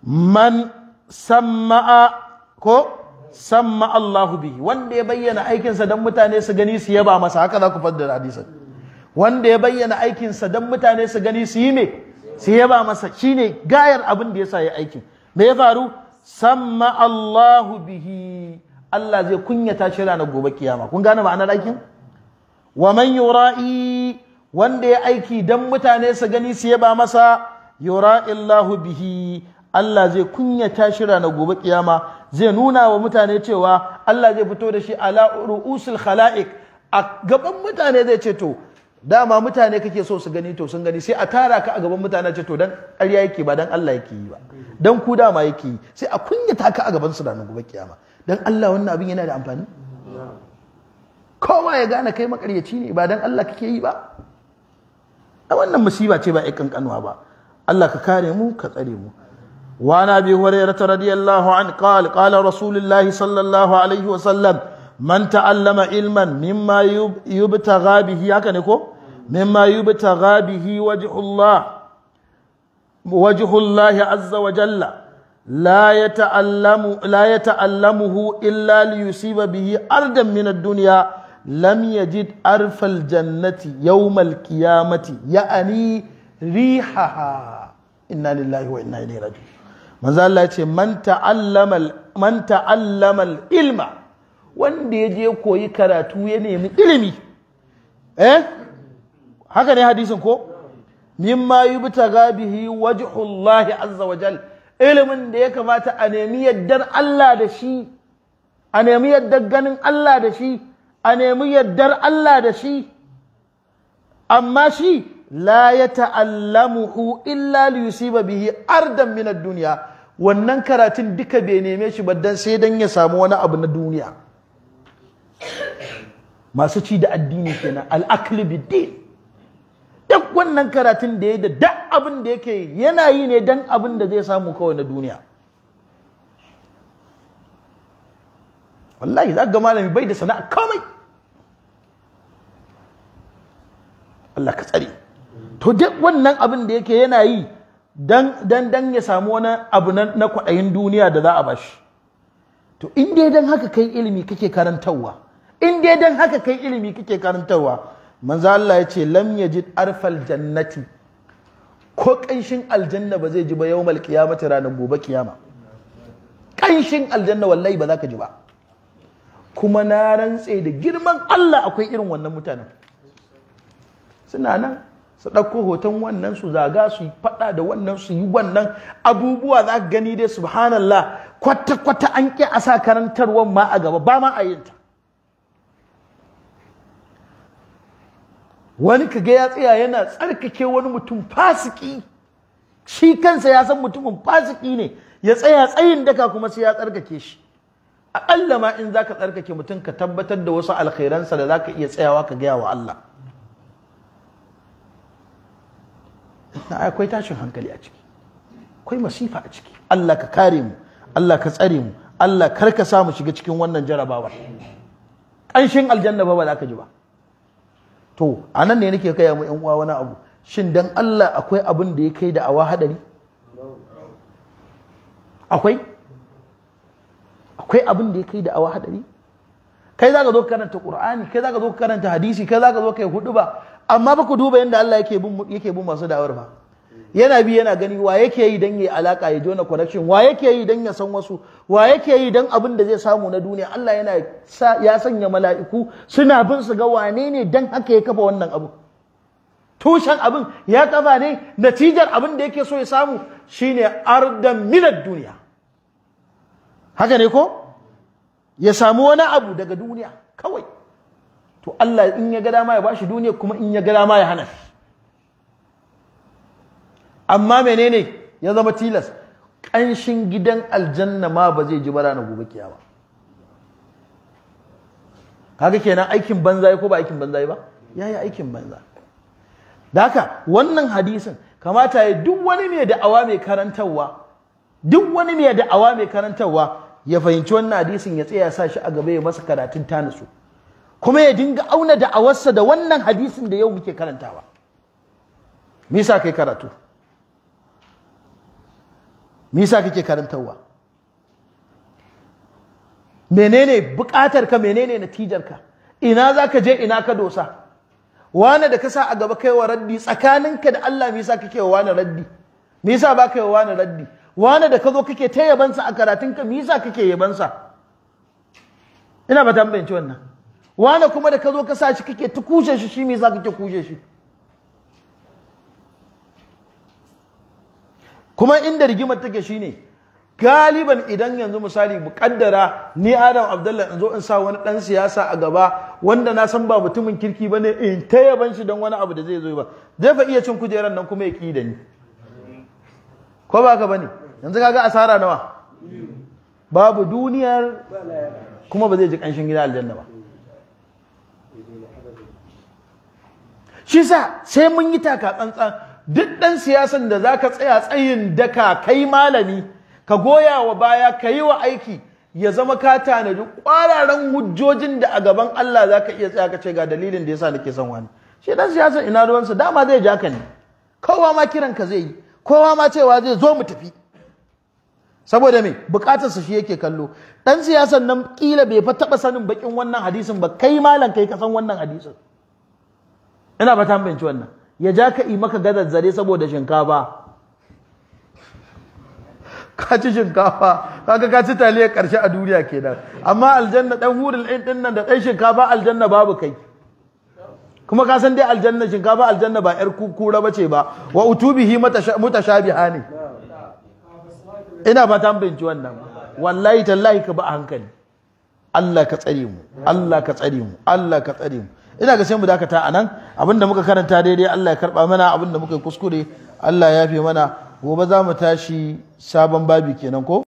man sama'a ko sama Allahu bihi wanda ya bayyana aikinsa don mutane su gani su yaba masa haka za ku faddara hadisin wanda ya bayyana aikinsa don mutane su gani su yi me sai ya ba masa shine gayar abin da yasa ya aikin me ya faru samma Allahu bihi Allah zai kunyata shi na gobe kiyama kun gane ma'anar aikin wa man yura'i wanda ya aiki dan mutane su gani su ba masa yura'i Allahu bihi Allah zai kunyata shi na gobe kiyama zai nuna wa mutane cewa Allah zai fito da shi ala ru'usul khalaiq a gaban mutane zai ce to dama mutane kake so su gani to sun gani sai a tara ka a gaban mutane ce to dan ƙarya yake ba dan Allah yake yi ba dan ku dama yake yi sai a kunyata ka a gaban su ranar gobe kiyama dan Allah wannan abin yana da amfani kowa ya gane kai makaryaci ne ba dan Allah kake yi ba a wannan musiba ce ba ai kankanuwa ba Allah ka kare mu ka tsare mu wa nabi hurairah radiyallahu an qala qala rasulullahi sallallahu alaihi wa sallam man ta'allama ilman mimma yubtagha bihi haka ne ko mimma yubtagha bihi wajhullah wajhullahi azza wa jalla la yata'allamu la yata'allamuhu illa liyusiba bihi ardan min ad-dunya lam yajid arfal jannati yawmal qiyamati ya'ani rihaha inna lillahi wa inna ilaihi raji'un manzo Allah ya ce man ta'allama man ta'allama al-ilma wanda ya je koyi karatu ya nemi ilimi eh haka ne hadisin ko mimma yubtaga bihi wajhullahi azza wajal ilimin da ya kamata a nemi yaddar Allah da shi a nemi yaddar ganin Allah da shi a nemi yaddar Allah da shi amma shi la ya illa li yusiba bihi ardan min ad-dunya wannan karatun duka bai neme shi ba dan sai dan ya samu wani abu na duniya masu ci da addini kenan al'akli biddin duk wannan karatun da ya da duk abin da yake yana yi ne dan abin da zai samu kawai na duniya wallahi za ga malami bai da sana'a komai Allah ka tsare to duk wannan abin da yake yana yi dan dan dan ya samu wani abu na kwaɗayin duniya da za a bashi to in dai dan haka kai ilimi kake karantarwa in dai dan haka kai ilimi kake karantarwa manzo Allah ya ce lam yajid arfal jannati ko kanshin aljanna ba zai ji ba yawmal qiyamati ranar gobe kiyama Ƙanshin aljanna wallahi ba za ka ji ba kuma na rantse da girman Allah akwai irin wannan mutanen suna nan su ɗauko hoton wannan su zaga su yi faɗa da wannan su yi wannan abubuwa za ka gani dai subhanallah kwata-kwata an ƙi a sa karantarwar ma a gaba ba ma a yinta wani ga ya tsaya yana tsarkake wani mutum fasiki shi kansa ya san mutumin fasiki ne ya tsaya tsayin daka kuma sai ya tsarkake shi aƙalla ma in zaka tsarkake mutum ka tabbatar da wasu alkhairansa da zaka iya tsayawa ka gaya wa Allah akwai tashin hankali a ciki akwai masifa a ciki Allah ka kare mu Allah ka tsare mu Allah kar ka samu shiga cikin wannan jarabawar ƙanshin aljanna ba ba za ka ji ba to a nan ne nake kai mu yan uwa wani abu shin dan Allah akwai abin da ya kai da awa hadari akwai akwai abin da ya kai da awa hadari kai zaka zo karanta qur'ani kai zaka zo karanta hadisi kai zaka zo kai huduba amma ba ku duba yadda Allah yake bin yake bin masu da'awar ba yana bi yana gani wa yake yi dan yayi alaka ya jona connection wa yake yi dan ya san wasu wa yake yi don abin da zai samu na duniya Allah yana ya sanya mala'iku suna bin su ga wane ne don haka ya kafa wannan abu tushen abin ya kafa ne natijar abin da yake so ya samu shine ardan duniya haka ne ko ya samu wani abu daga duniya kawai to Allah in ya ga dama ya bashi duniya kuma in ya ga dama ya hana shi amma menene ya zama tilas ƙanshin gidan aljanna ma ba zai ji ba ranar gobe kiyama kaga kenan aikin banza ko ba aikin banza ba yi aikin banza da haka wannan hadisin kamata ya duk wani mai da'awa mai karantarwa duk wani mai da'awa mai karantarwa ya fahimci wannan hadisin ya tsaya sa shi a gaba ya masa karatun tanisu kuma ya dinga auna da'awarsa da wannan hadisin da yau muke karantawa me yasa kai karatu me yasa kake karantarwa menene bukatar ka menene natijar ka ina zaka je ina ka dosa Wane da kasa a gaba kai wa raddi tsakaninka da Allah me yasa kake wa wani raddi me yasa ba kai wa wani raddi Wane da ka zo kake ta sa a karatun ka me yasa kake sa ina ba ta wannan Wane kuma da ka zo ka sa shi kake ta kushe shi shi me yasa kake kushe shi kuma inda rigimar take shine galiban idan yanzu misali mukaddara ni Adam Abdullah in zo in sa wani dan siyasa a gaba wanda na san ba mutumin kirki bane in ta yaban shi don wani abu da zai zo ba zai fa iya cin kujerar nan kuma ya ki da ni ko ba ka bane yanzu kaga asara nawa babu duniyar kuma ba zai ji kanshin gida aljanna ba shi sa sai mun yi taka tsantsan duk ɗan siyasan da za ka tsaya tsayin daka kai malami ka goya wa baya ka yi wa aiki ya zama ka tanadi ƙwararren hujjojin da a gaban Allah za ka iya tsaya ka ce ga dalilin da yasa nake son wani shi ɗan siyasan ina ruwansa dama zai ja ka ne kowa ma kiran ka zai yi kowa ma cewa zai zo mu tafi saboda me su shi yake kallo ɗan siyasan nan kila bai fa taɓa sanin bakin wannan hadisin ba kai malam kai ka san wannan hadisin ina ba ta wannan ya ja ka yi maka gadar zare saboda shinkafa ka ci shinkafa kaga ka ci taliyar ƙarshe a duniya kenan amma aljanna dan hurul ɗin din nan da ɗan shinkafa aljanna babu kai kuma ka san dai aljanna shinkafa aljanna ba yar kura bace ba wa utubihi mutashabiha ne ina fatan mun binci wannan wallahi tallahi ka ba hankali Allah ka tsare mu Allah ka tsare mu Allah ka tsare mu ina ga sai mu dakata anan abinda muka karanta daidai Allah ya karba mana abinda muka kuskure Allah ya fi mana gobe za mu tashi sabon babi kenan ko